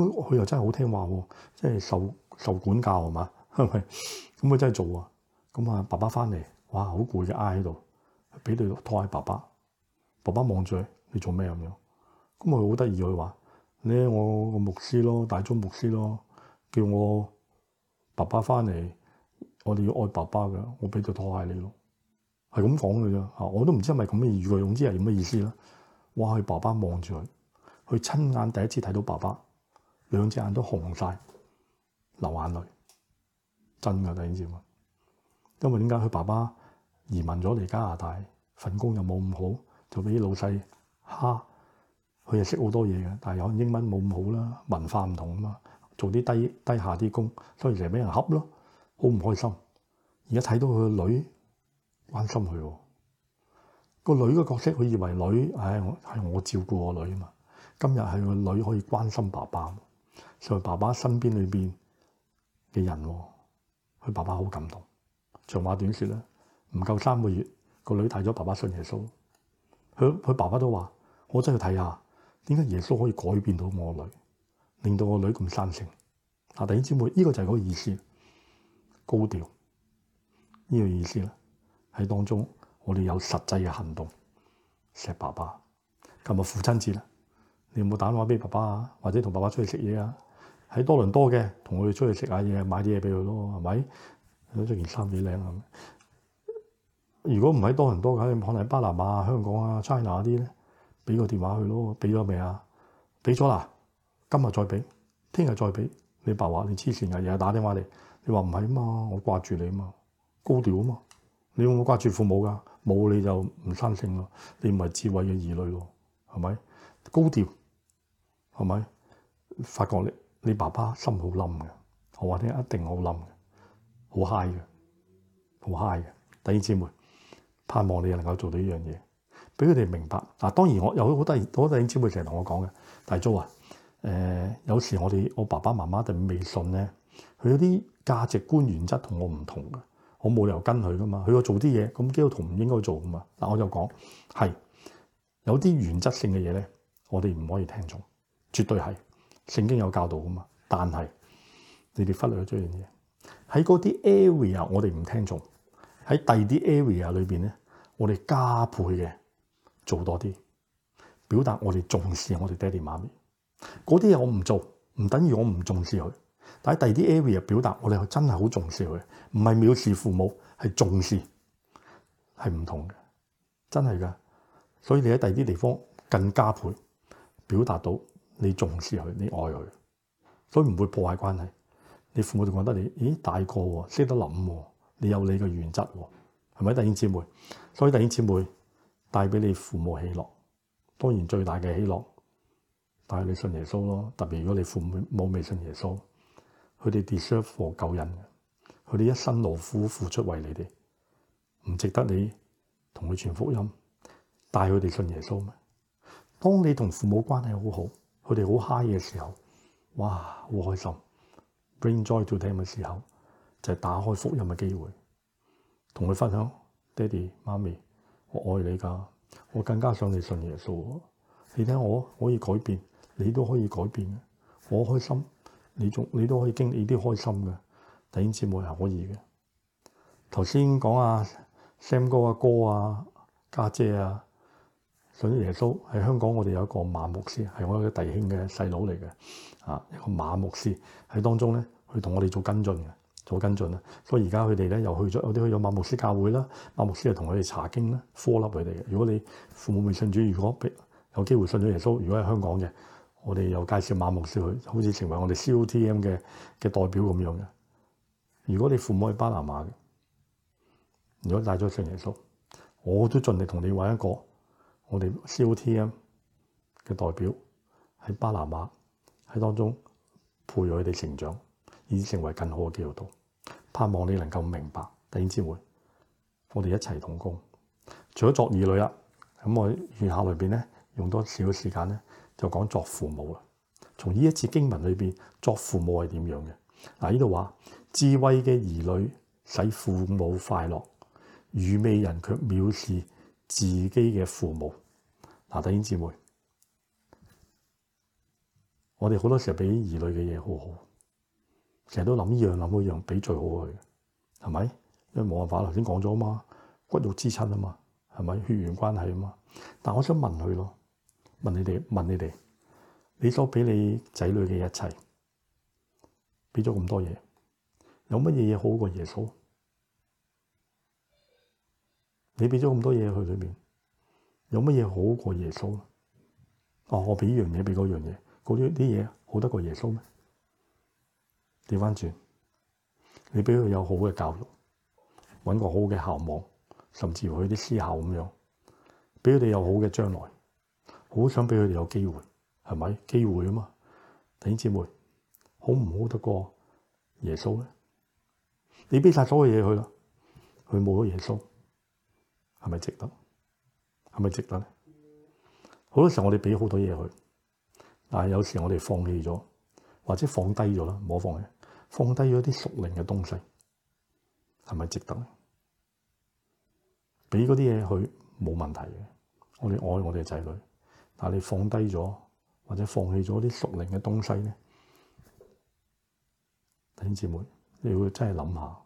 咁佢又真係好聽話喎，即係受受管教係嘛，係咪？咁 [LAUGHS] 佢真係做啊，咁啊爸爸翻嚟，哇，好攰嘅，嗌喺度，俾對拖鞋爸爸。爸爸望住佢，你做咩咁樣？咁佢好得意佢話：咧我個牧師咯，大宗牧師咯，叫我爸爸翻嚟，我哋要愛爸爸嘅，我俾對拖鞋你咯，係咁講嘅啫嚇。我都唔知係咪咁嘅語句，總之係點嘅意思咧？哇！佢爸爸望住佢。佢親眼第一次睇到爸爸，兩隻眼都紅晒，流眼淚，真㗎。突然知嘛？因為點解佢爸爸移民咗嚟加拿大，份工又冇咁好，就俾啲老細蝦。佢又識好多嘢嘅，但係有英文冇咁好啦，文化唔同啊嘛，做啲低低下啲工，所以成日俾人恰咯，好唔開心。而家睇到佢個女關心佢個、哦、女個角色，佢以為女，唉、哎，我係我照顧我女啊嘛。今日係個女可以關心爸爸，作為爸爸身邊裏邊嘅人，佢爸爸好感動。長話短説咧，唔夠三個月，個女帶咗爸爸信耶穌。佢佢爸爸都話：我真係睇下點解耶穌可以改變到我女，令到我女咁生性。嗱，弟兄姊妹，呢個就係嗰個意思，高調呢個意思啦。喺當中，我哋有實際嘅行動。錫爸爸，今日父親節啦！你有冇打電話俾爸爸啊？或者同爸爸出去食嘢啊？喺多倫多嘅，同佢哋出去食下嘢，買啲嘢俾佢咯，係咪？著件衫幾靚啊！如果唔喺多倫多嘅，可能喺巴拿馬啊、香港啊、China 啲咧，俾個電話佢咯。俾咗未啊？俾咗啦。今日再俾，聽日再俾。你爸爸話你黐線㗎，日日打電話嚟。你話唔係啊嘛，我掛住你啊嘛，高調啊嘛。你有冇掛住父母㗎？冇你就唔生性咯。你唔係智慧嘅兒女咯，係咪？高調，係咪？發覺你你爸爸心好冧嘅，我話你一定好冧嘅，好 high 嘅，好 high 嘅。弟兄姊妹盼望你又能夠做到呢樣嘢，俾佢哋明白嗱。當然我有好多好多弟兄姊妹成日同我講嘅大鐘啊，誒、呃、有時我哋我爸爸媽媽定未信咧，佢有啲價值觀原則我唔唔同我唔同嘅，我冇理由跟佢噶嘛。佢做啲嘢咁，基督徒唔應該做噶嘛。嗱，我就講係有啲原則性嘅嘢咧。我哋唔可以聽從，絕對係聖經有教導㗎嘛。但係你哋忽略咗呢樣嘢，喺嗰啲 area 我哋唔聽從，喺第二啲 area 裏邊咧，我哋加倍嘅做多啲，表達我哋重視我哋爹地媽咪。嗰啲嘢我唔做，唔等於我唔重視佢。但喺第二啲 area 表達，我哋真係好重視佢，唔係藐視父母，係重視，係唔同嘅，真係㗎。所以你喺第二啲地方更加倍。表達到你重視佢，你愛佢，所以唔會破壞關係。你父母就覺得你，咦，大個喎，識得諗喎，你有你嘅原則喎，係咪？弟兄姊妹，所以弟兄姊妹帶俾你父母喜樂，當然最大嘅喜樂，帶你信耶穌咯。特別如果你父母冇未信耶穌，佢哋 deserve for 救恩，佢哋一生勞苦付出為你哋，唔值得你同佢傳福音，帶佢哋信耶穌咩？當你同父母關係好好，佢哋好 high 嘅時候，哇，好開心，bring joy to them 嘅時候，就係、是、打開福音嘅機會，同佢分享，爹哋媽咪，我愛你噶，我更加想你信耶穌。你睇下，我可以改變，你都可以改變，我開心，你仲你都可以經歷啲開心嘅，第聽節目係可以嘅。頭先講啊 Sam 哥阿哥，哥啊家姐，姐啊。信咗耶穌喺香港，我哋有一個馬牧師，係我一個弟兄嘅細佬嚟嘅啊。一個馬牧師喺當中咧，去同我哋做跟進嘅，做跟進啊。所以而家佢哋咧又去咗，有啲去咗馬牧師教會啦。馬牧師係同佢哋查經啦，科立佢哋嘅。如果你父母未信主，如果俾有機會信咗耶穌，如果係香港嘅，我哋又介紹馬牧師去好似成為我哋 COTM 嘅嘅代表咁樣嘅。如果你父母係巴拿馬嘅，如果帶咗信耶穌，我都盡力同你玩一個。我哋 COTM 嘅代表喺巴拿馬喺當中培育佢哋成長，以成為更好嘅基督徒。盼望你能夠明白，弟兄姊妹，我哋一齊同工。除咗作兒女啦，咁我餘下裏邊咧，用多少時間咧，就講作父母啦。從呢一次經文裏邊，作父母係點樣嘅？嗱，呢度話智慧嘅兒女使父母快樂，愚昧人卻藐視自己嘅父母，嗱，弟兄姊妹，我哋好多時候俾兒女嘅嘢好好，成日都諗呢樣諗嗰樣，俾最好佢，係咪？因為冇辦法，頭先講咗啊嘛，骨肉之親啊嘛，係咪？血緣關係啊嘛，但我想問佢咯，問你哋，問你哋，你所俾你仔女嘅一切，俾咗咁多嘢，有乜嘢嘢好過耶穌？你俾咗咁多嘢去裏面，有乜嘢好過耶穌？哦、啊，我俾呢樣嘢俾嗰樣嘢，嗰啲啲嘢好得過耶穌咩？調翻轉，你俾佢有好嘅教育，揾個好嘅校網，甚至乎佢啲私校咁樣，俾佢哋有好嘅將來，好想俾佢哋有機會，係咪機會啊？嘛，弟兄姊妹好唔好得過耶穌咧？你俾晒所有嘢佢啦，佢冇咗耶穌。係咪值得？係咪值得咧？好多時候我哋俾好多嘢佢，但係有時候我哋放棄咗，或者放低咗啦，唔好放棄，放低咗一啲熟齡嘅東西，係咪值得咧？俾嗰啲嘢佢冇問題嘅，我哋愛我哋仔女，但係你放低咗或者放棄咗一啲熟齡嘅東西呢？弟兄姊妹，你要真係諗下。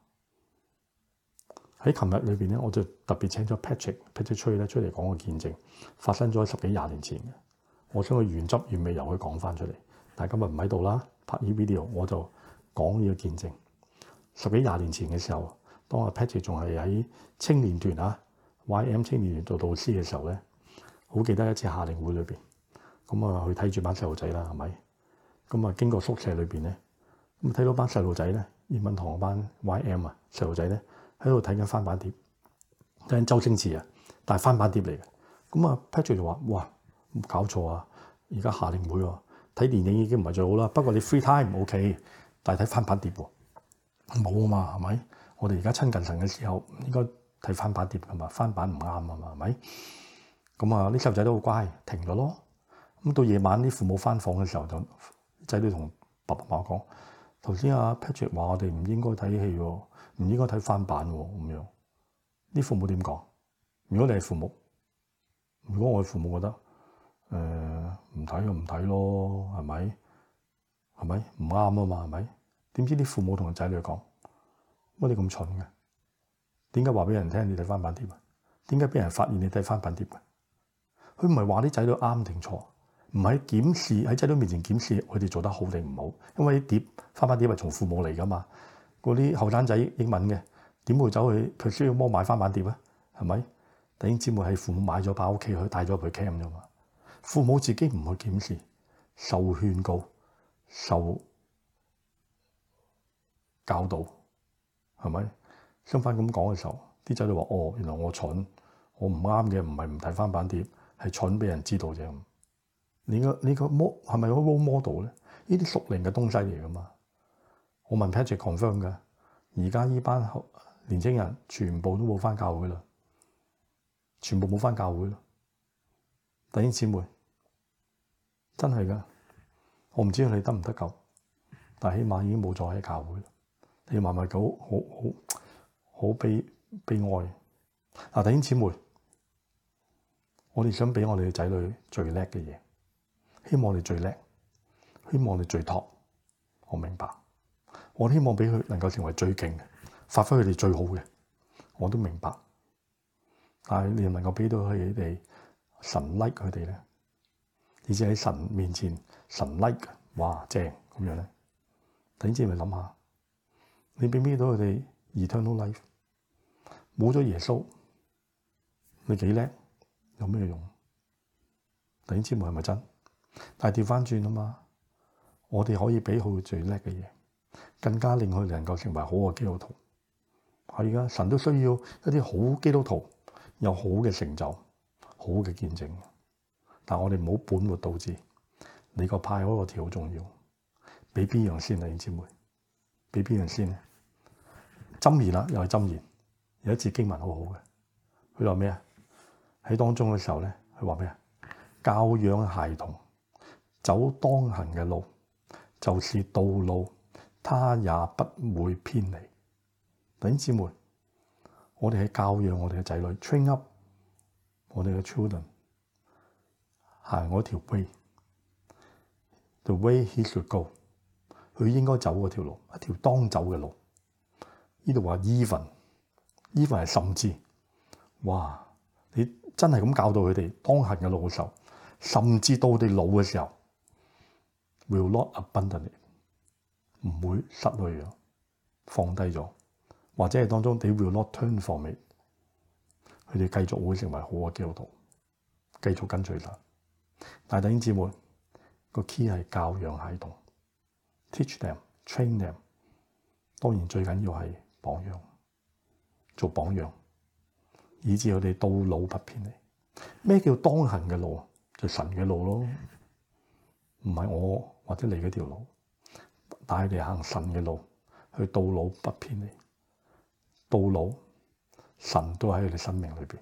喺琴日裏邊咧，我就特別請咗 Pat Patrick Patrick 崔咧出嚟講個見證，發生咗十幾廿年前嘅。我想去原汁原味由佢講翻出嚟，但係今日唔喺度啦。拍個 video 我就講呢個見證。十幾廿年前嘅時候，當阿 Patrick 仲係喺青年團啊 Y.M. 青年團做導師嘅時候咧，好記得一次夏令會裏邊咁啊，去睇住班細路仔啦，係咪咁啊？經過宿舍裏邊咧，咁睇到班細路仔咧，英文堂嗰班 Y.M. 啊細路仔咧。喺度睇緊翻版碟，聽周星馳啊，但係翻版碟嚟嘅。咁啊 Patrick 就話：哇，搞錯啊！而家夏令會喎，啊，睇電影已經唔係最好啦。不過你 free time 唔 OK，但係睇翻版碟喎，冇啊嘛，係咪？我哋而家親近神嘅時候，應該睇翻版碟㗎嘛，翻版唔啱啊嘛，係咪？咁啊，呢啲細仔都好乖，停咗咯。咁到夜晚啲父母翻房嘅時候，就仔都同爸爸媽講。頭先阿 Patrick 話我哋唔應該睇戲喎，唔應該睇翻版喎，咁樣。啲父母點講？如果你係父母，如果我係父母，覺得誒唔睇就唔睇咯，係咪？係咪唔啱啊嘛？係咪？點知啲父母同個仔女講：乜你咁蠢嘅？點解話俾人聽你睇翻版碟呀？點解俾人發現你睇翻版碟呀？佢唔係話啲仔女啱定錯。唔係檢視喺仔女面前檢視，佢哋做得好定唔好？因為啲碟翻版碟係從父母嚟㗎嘛。嗰啲後生仔英文嘅點會走去佢需要幫買翻版碟咧？係咪？弟兄姊妹係父母買咗把屋企佢帶咗去。cam 啫嘛。父母自己唔去檢視，受勸告、受教導，係咪？相反咁講嘅時候，啲仔女話：哦，原來我蠢，我唔啱嘅，唔係唔睇翻版碟，係蠢俾人知道啫。你個你個模係咪個 role model 咧？呢啲屬靈嘅東西嚟噶嘛？我問 Patrick confirm 噶。而家呢班年青人全部都冇翻教會啦，全部冇翻教會啦。弟兄姊妹，真係噶，我唔知佢哋得唔得救，但起碼已經冇再喺教會啦。你埋埋狗好好好悲悲哀嗱。弟兄姊妹，我哋想俾我哋嘅仔女最叻嘅嘢。希望你最叻，希望你最托。我明白。我希望俾佢能夠成為最勁嘅，發揮佢哋最好嘅，我都明白。但係你能唔能夠俾到佢哋神 like 佢哋咧，而且喺神面前神 like，哇正咁樣咧。突然之咪諗下，你俾唔俾到佢哋 eternal life？冇咗耶穌，你幾叻有咩用？突然之冇係咪真？但係掉翻轉啊嘛！我哋可以俾佢最叻嘅嘢，更加令佢能夠成為好嘅基督徒。而、啊、家神都需要一啲好基督徒，有好嘅成就、好嘅見證。但係我哋唔好本末倒置。你派個派開個條好重要，俾邊樣先啊，姐妹？俾邊樣先、啊？箴言啦，又係箴言，有一次經文好好嘅，佢話咩啊？喺當中嘅時候咧，佢話咩啊？教養孩童。走當行嘅路，就是到老，他也不會偏離。弟兄姊妹，我哋喺教養我哋嘅仔女，train up 我哋嘅 children，行嗰條路，the way he should go，佢應該走嗰條路，一條當走嘅路。呢度話 even，even 係甚至，哇！你真係咁教導佢哋當行嘅路嘅時候，甚至到佢哋老嘅時候。will not abandon it，唔會失去咗，放低咗，或者係當中，they will not turn from it，佢哋繼續會成為好嘅基督徒，繼續跟隨神。大弟兄姊妹個 key 係教養喺度，teach them，train them。Them，當然最緊要係榜樣，做榜樣，以至佢哋到老不偏離。咩叫當行嘅路啊？就是，神嘅路咯，唔係我。或者你嗰條路帶你行神嘅路，去到老不偏離。到老神都喺你生命裏邊，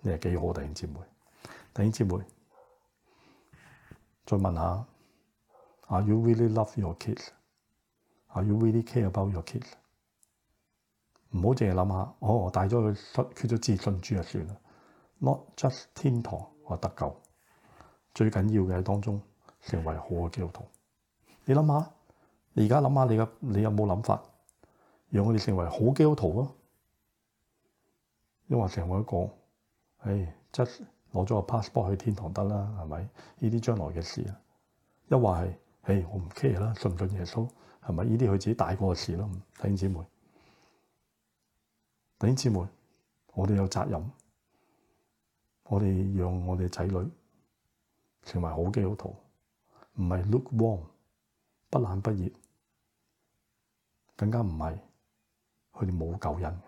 你係幾好？弟兄姊妹，弟兄姊妹，再問下 Are you really love your kids？Are you really care about your kids？唔好淨係諗下哦，我帶咗佢失缺咗自信，主就算啦。Not just 天堂 or 得救，最緊要嘅係當中成為好嘅基督徒。你諗下，你而家諗下，你嘅你有冇諗法，讓我哋成為好基督徒咯？又或成為一個，誒，just 攞咗個 passport 去天堂得啦，係咪？呢啲將來嘅事啦。又或係，誒、哎，我唔 care 啦，信唔信耶穌，係咪？呢啲佢自己大個嘅事咯。弟兄姊妹，弟兄姊妹，我哋有責任，我哋讓我哋仔女成為好基督徒，唔係 lukewarm。不冷不熱，更加唔係佢哋冇救恩嘅。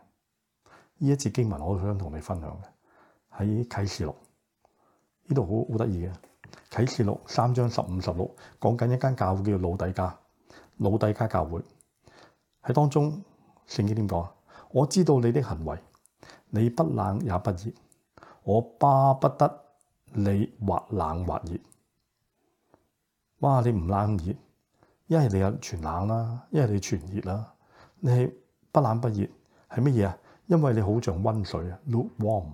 呢一次經文，我想同你分享嘅喺啟示錄呢度好好得意嘅，啟示錄三章十五十六講緊一間教會叫做老底家。老底家教會喺當中，聖經點講？我知道你的行為，你不冷也不熱，我巴不得你或冷或熱。哇！你唔冷唔熱。一係你有全冷啦，一係你全熱啦。你係不冷不熱係乜嘢啊？因為你好像溫水啊，look warm，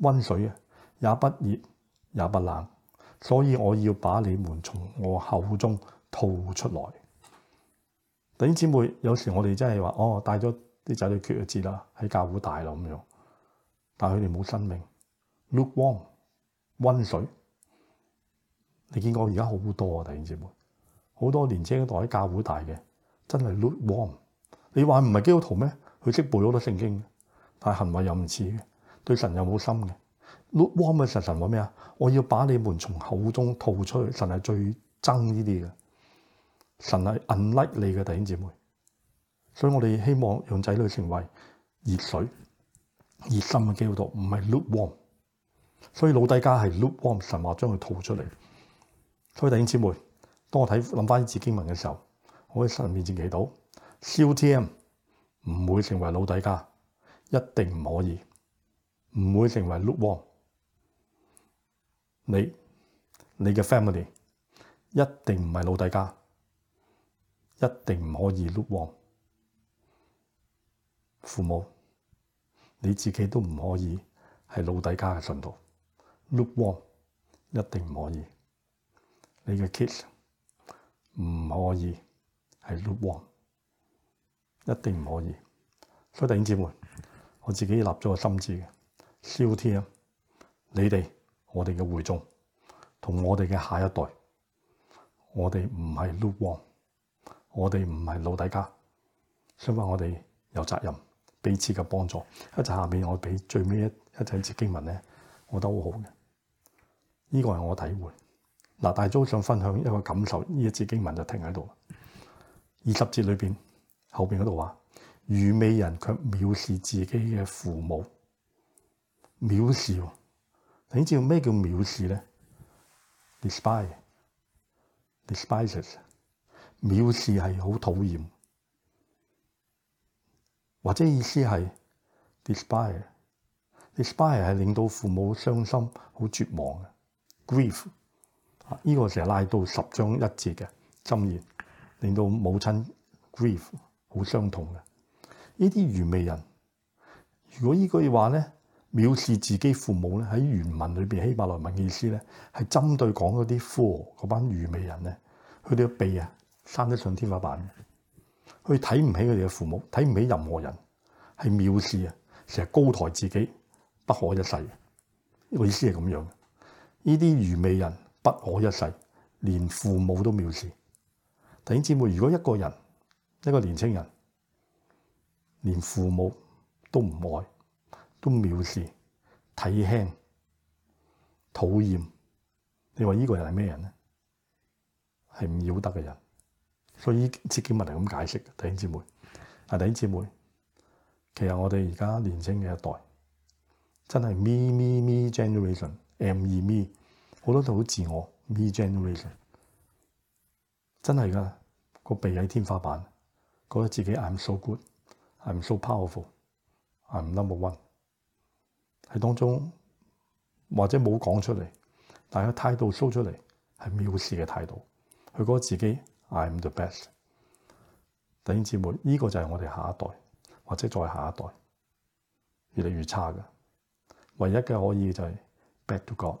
溫水啊，也不熱也不冷，所以我要把你們從我口中吐出來。弟兄姊妹，有時我哋真係話哦，帶咗啲仔女缺咗字啦，喺教會大咯咁樣，但係佢哋冇生命，look warm，溫水。你見過而家好多啊，弟兄姊妹。好多年青一代教會大嘅，真係 lukewarm。你話唔係基督徒咩？佢識背好多聖經，但係行為又唔似嘅，對神有冇心嘅。lukewarm 嘅神神話咩啊？我要把你們從口中吐出去。神係最憎呢啲嘅，神係 unlike 你嘅弟兄姊妹。所以我哋希望用仔女成為熱水、熱心嘅基督徒，唔係 lukewarm。所以老底嘉係 lukewarm 神話將佢吐出嚟。所以弟兄姊妹。當我睇諗返一次經文嘅時候，我喺神面前祈禱，消天唔會成為老底家，一定唔可以，唔會成為碌王。你你嘅 family 一定唔係老底家，一定唔可以碌王。父母你自己都唔可以係老底家嘅信徒，碌王一定唔可以。你嘅 kids。唔可以係 l o 王，worm，一定唔可以。所以弟兄姊妹，我自己立咗個心志嘅。肖天，你哋我哋嘅會眾同我哋嘅下一代，我哋唔係 l o 王，worm，我哋唔係老底加。相反我哋有責任彼此嘅幫助。一陣下面，我俾最尾一一陣節經文咧，我覺得好好嘅。呢個係我體會。嗱，大眾想分享一個感受，呢一節經文就停喺度。二十節裏邊後邊嗰度話，愚昧人卻藐視自己嘅父母，藐視。你知咩叫藐視咧？despise，despises，藐視係好討厭，或者意思係 despise，despise 係令到父母傷心、好絕望 grief。呢個成日拉到十章一節嘅箴言，令到母親 grief 好傷痛嘅。呢啲愚昧人，如果依句話咧，藐視自己父母咧，喺原文裏邊，希伯來文嘅意思咧係針對講嗰啲 f 嗰班愚昧人咧，佢哋嘅鼻啊生得上天花板，佢睇唔起佢哋嘅父母，睇唔起任何人，係藐視啊，成日高抬自己，不可一世。依個意思係咁樣。呢啲愚昧人。不可一世，連父母都藐視。弟兄姊妹，如果一個人一個年青人連父母都唔愛、都藐視、睇輕、討厭，你話呢個人係咩人咧？係唔要得嘅人。所以自己問題咁解釋，弟兄姊妹。啊，弟兄姊妹，其實我哋而家年青嘅一代真係 me me me generation, me me。好多都好自我，me generation，真係噶個鼻喺天花板，覺得自己 I'm so good，I'm so powerful，I'm number one。喺當中或者冇講出嚟，但係個態度 show 出嚟係藐視嘅態度。佢覺得自己 I'm the best。弟兄姊妹，呢個就係我哋下一代或者再下一代越嚟越差嘅唯一嘅可以就係 back to God。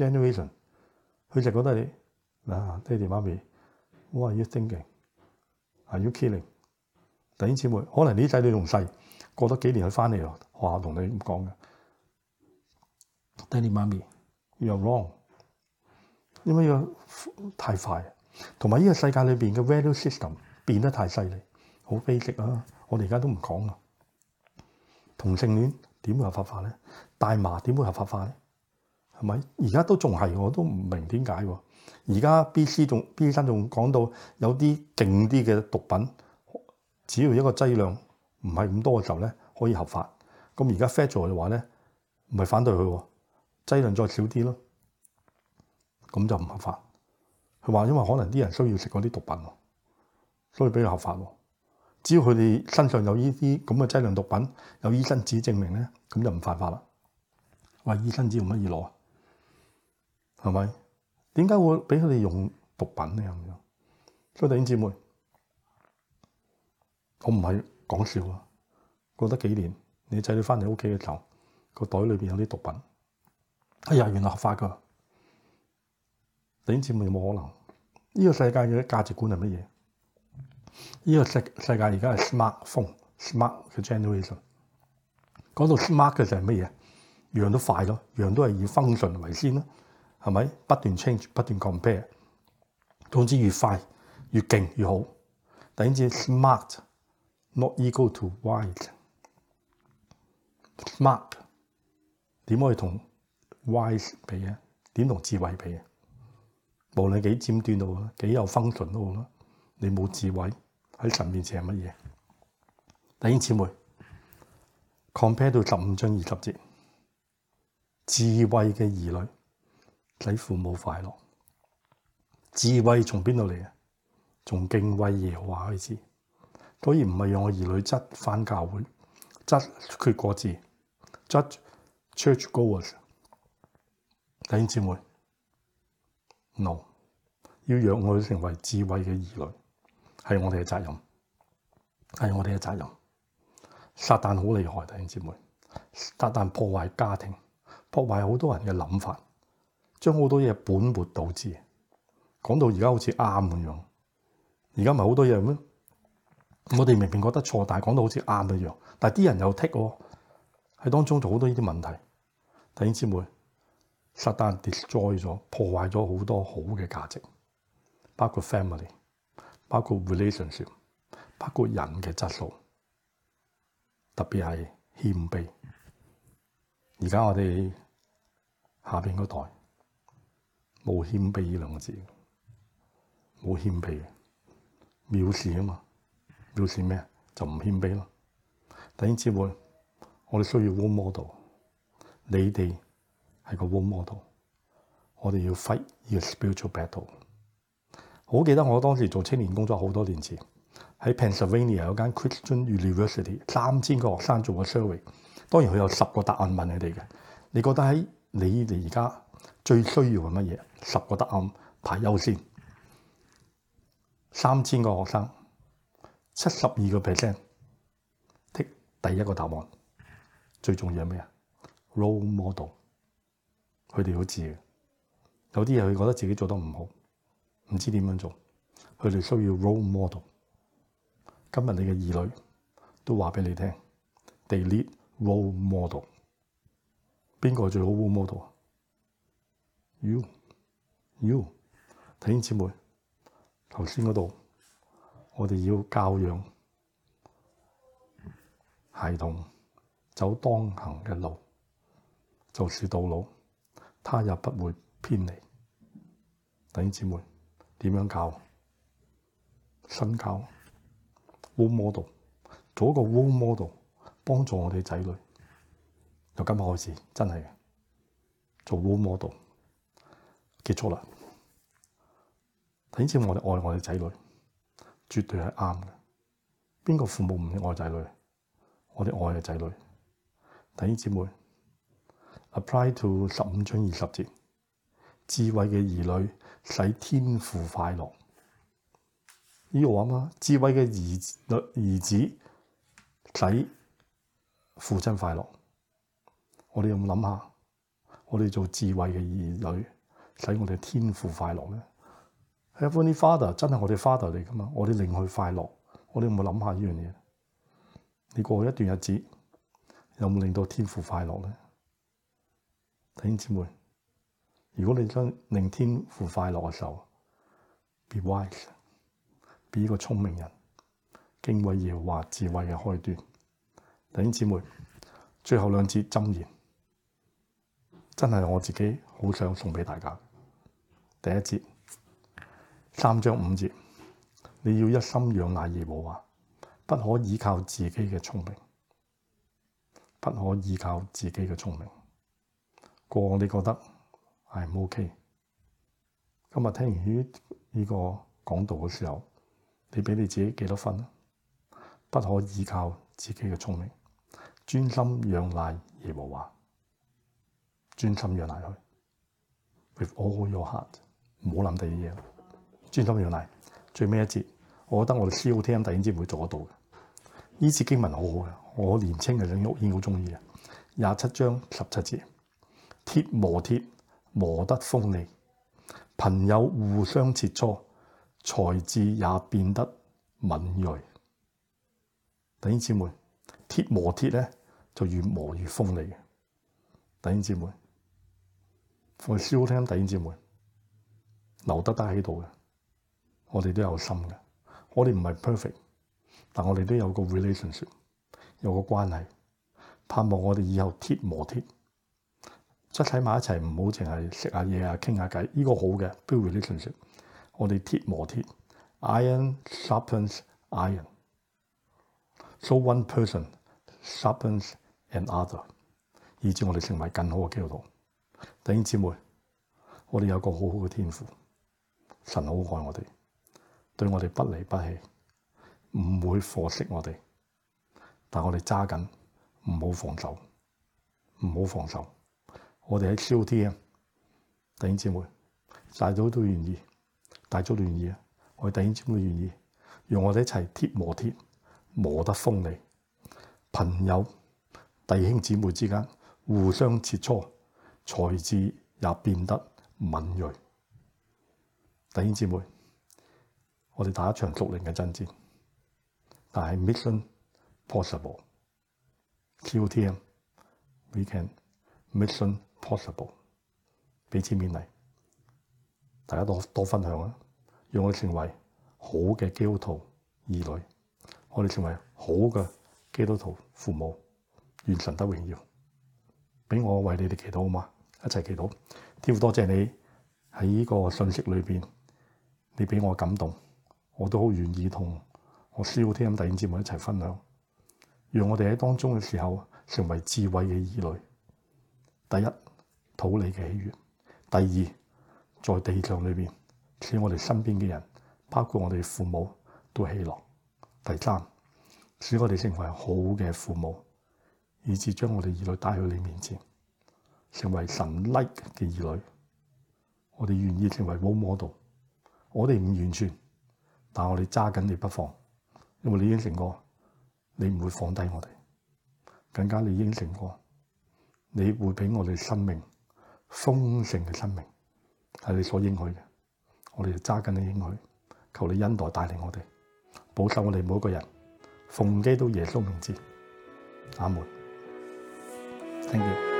Generation，佢就覺得你嗱、啊，爹哋媽咪，what are you thinking？Are you killing？弟兄姊妹，可能呢啲仔女仲細，過多幾年佢翻嚟咯。學校同你咁講嘅。爹哋媽咪，you're wrong。因為個太快，同埋呢個世界裏邊嘅 value system 變得太犀利，好飛速啊！我哋而家都唔講啊。同性戀點會合法化咧？大麻點會合法化咧？係咪而家都仲係？我都唔明點解喎。而家 B C 仲 B 醫生仲講到有啲勁啲嘅毒品，只要一個劑量唔係咁多嘅時候咧，可以合法。咁而家 f e d j 嘅話咧，唔係反對佢，劑量再少啲咯，咁就唔合法。佢話因為可能啲人需要食嗰啲毒品，所以俾佢合法喎。只要佢哋身上有呢啲咁嘅劑量毒品，有醫生紙證明咧，咁就唔犯法啦。喂，醫生紙用乜嘢攞？係咪？點解會俾佢哋用毒品咧？咁樣，所以弟兄姊妹，我唔係講笑啊！過得幾年，你仔女翻嚟屋企嘅時候，個袋裏邊有啲毒品。哎呀，原來合法噶！弟兄姊妹冇可能。呢個世界嘅價值觀係乜嘢？呢個世世界而家係 smartphone，smart 嘅 generation。講到 smart 嘅就係乜嘢？樣都快咯，樣都係以 function 為先咯。係咪不斷 change 不斷 compare？總之越快越勁越好。等於 smart not equal to wise。smart 點可以同 wise 比啊？點同智慧比啊？無論幾尖端到啦，幾有 function 都好，你冇智慧喺神面前係乜嘢？弟兄姊妹，compare 到十五章二十節，智慧嘅兒女。使父母快樂，智慧從邊度嚟啊？從敬畏耶和華開始。當然唔係讓我兒女質返教會，質缺個字，質 Churchgoers。弟兄姐妹，No，要讓我成為智慧嘅兒女，係我哋嘅責任，係我哋嘅責任。撒旦好厲害，弟兄姐妹，撒旦破壞家庭，破壞好多人嘅諗法。將好多嘢本末倒置，講到而家好似啱咁樣。而家咪好多嘢咁，我哋明明覺得錯，但係講到好似啱一樣。但係啲人又剔我，喺當中就好多呢啲問題。弟兄姊妹，Shut down，destroy 咗，破壞咗好多好嘅價值，包括 family，包括 relationship，包括人嘅質素，特別係謙卑。而家我哋下邊嗰台。冇謙卑呢兩個字，冇謙卑嘅，藐視啊嘛，藐視咩？就唔謙卑咯。第二之會，我哋需要 war model，你哋係個 war model，我哋要 fight your spiritual battle。好記得我當時做青年工作好多年前，喺 Pennsylvania 有間 Christian University，三千個學生做個 survey，當然佢有十個答案問你哋嘅，你覺得喺你哋而家？最需要係乜嘢？十個答案排優先，三千個學生七十二個 percent take 第一個答案。最重要係咩啊？Role model，佢哋好知嘅。有啲嘢佢覺得自己做得唔好，唔知點樣做，佢哋需要 role model。今日你嘅兒女都話俾你聽 they need role model。邊個最好 role model？You，You，you. 弟兄姐妹，頭先嗰度我哋要教養孩童走當行嘅路，就算到老他也不會偏離。弟兄姐妹點樣教？身教，role model，做一個 role model 幫助我哋仔女。由今日開始，真係嘅做 role model。結束啦！弟兄姊妹，我哋愛我哋仔女，絕對係啱嘅。邊個父母唔愛仔女？我哋愛係仔女。弟兄姊妹，apply to 十五章二十節，智慧嘅兒女使天父快樂。依我啊嘛，智慧嘅兒女兒子使父親快樂。我哋有冇諗下？我哋做智慧嘅兒女。使我哋天父快樂咧？Heavenly Father 真係我哋 Father 嚟㗎嘛？我哋令佢快樂，我哋有冇諗下呢樣嘢？你過去一段日子，有冇令到天父快樂咧？弟兄姊妹，如果你想令天父快樂嘅時候，be wise，be 一個聰明人，敬畏耶和華智慧嘅開端。弟兄姊妹，最後兩節箴言，真係我自己好想送俾大家。第一節三章五節，你要一心仰賴耶和華，不可依靠自己嘅聰明，不可依靠自己嘅聰明。過你覺得係唔 OK？今日聽完呢呢個講道嘅時候，你俾你自己幾多分？不可依靠自己嘅聰明，專心仰賴耶和華，專心仰賴佢，with all your heart。唔好諗第二樣，專心去唸最尾一節。我覺得我哋 COTM，弟兄姊妹做得到嘅呢節經文好好嘅。我年青嘅陣已經好中意嘅廿七章十七節，鐵磨鐵磨得鋒利，朋友互相切磋，才智也變得敏鋭。弟兄姊妹，鐵磨鐵咧就越磨越鋒利嘅。弟兄姊妹，我 COTM，弟兄姊妹。留得低喺度嘅，我哋都有心嘅。我哋唔係 perfect，但我哋都有個 relationship，有個關係。盼望我哋以後鐵磨鐵，即係喺埋一齊，唔好淨係食下嘢啊，傾下偈。呢、這個好嘅 building relationship，我哋鐵磨鐵，iron sharpens iron。So one person sharpens another，以致我哋成為更好嘅基督徒。弟兄姊妹，我哋有個好好嘅天賦。神好愛我哋，對我哋不離不棄，唔會 forsake 我哋。但我哋揸緊，唔好放手，唔好放手。我哋喺燒天弟兄姊妹，大組都願意，大組都願意，我哋弟兄姐妹願意，讓我哋一齊鐵磨鐵，磨得鋒利。朋友弟兄姊妹之間互相切磋，才智也變得敏鋭。弟兄姊妹，我哋打一場屬靈嘅爭戰，但係 mission possible，t e 叫天，we can mission possible，彼此勉勵，大家多多分享啊！讓我們成為好嘅基督徒兒女，我哋成為好嘅基督徒父母，願神得榮耀。俾我為你哋祈禱好嘛，一齊祈禱。天父多謝你喺呢個信息裏面。你俾我感動，我都好願意同我 C.O.T.M. 第二節目一齊分享，讓我哋喺當中嘅時候成為智慧嘅兒女。第一，討你嘅喜悅；第二，在地上裏面，使我哋身邊嘅人，包括我哋父母都喜樂；第三，使我哋成為好嘅父母，以至將我哋兒女帶去你面前，成為神 like 嘅兒女。我哋願意成為好 model。我哋唔完全，但係我哋揸緊你不放，因為你已應承過，你唔會放低我哋。更加你已應承過，你會俾我哋生命豐盛嘅生命，係你所應許嘅。我哋揸緊你應許，求你恩待帶領我哋，保守我哋每一個人，奉基督耶穌名字，阿門。thank you。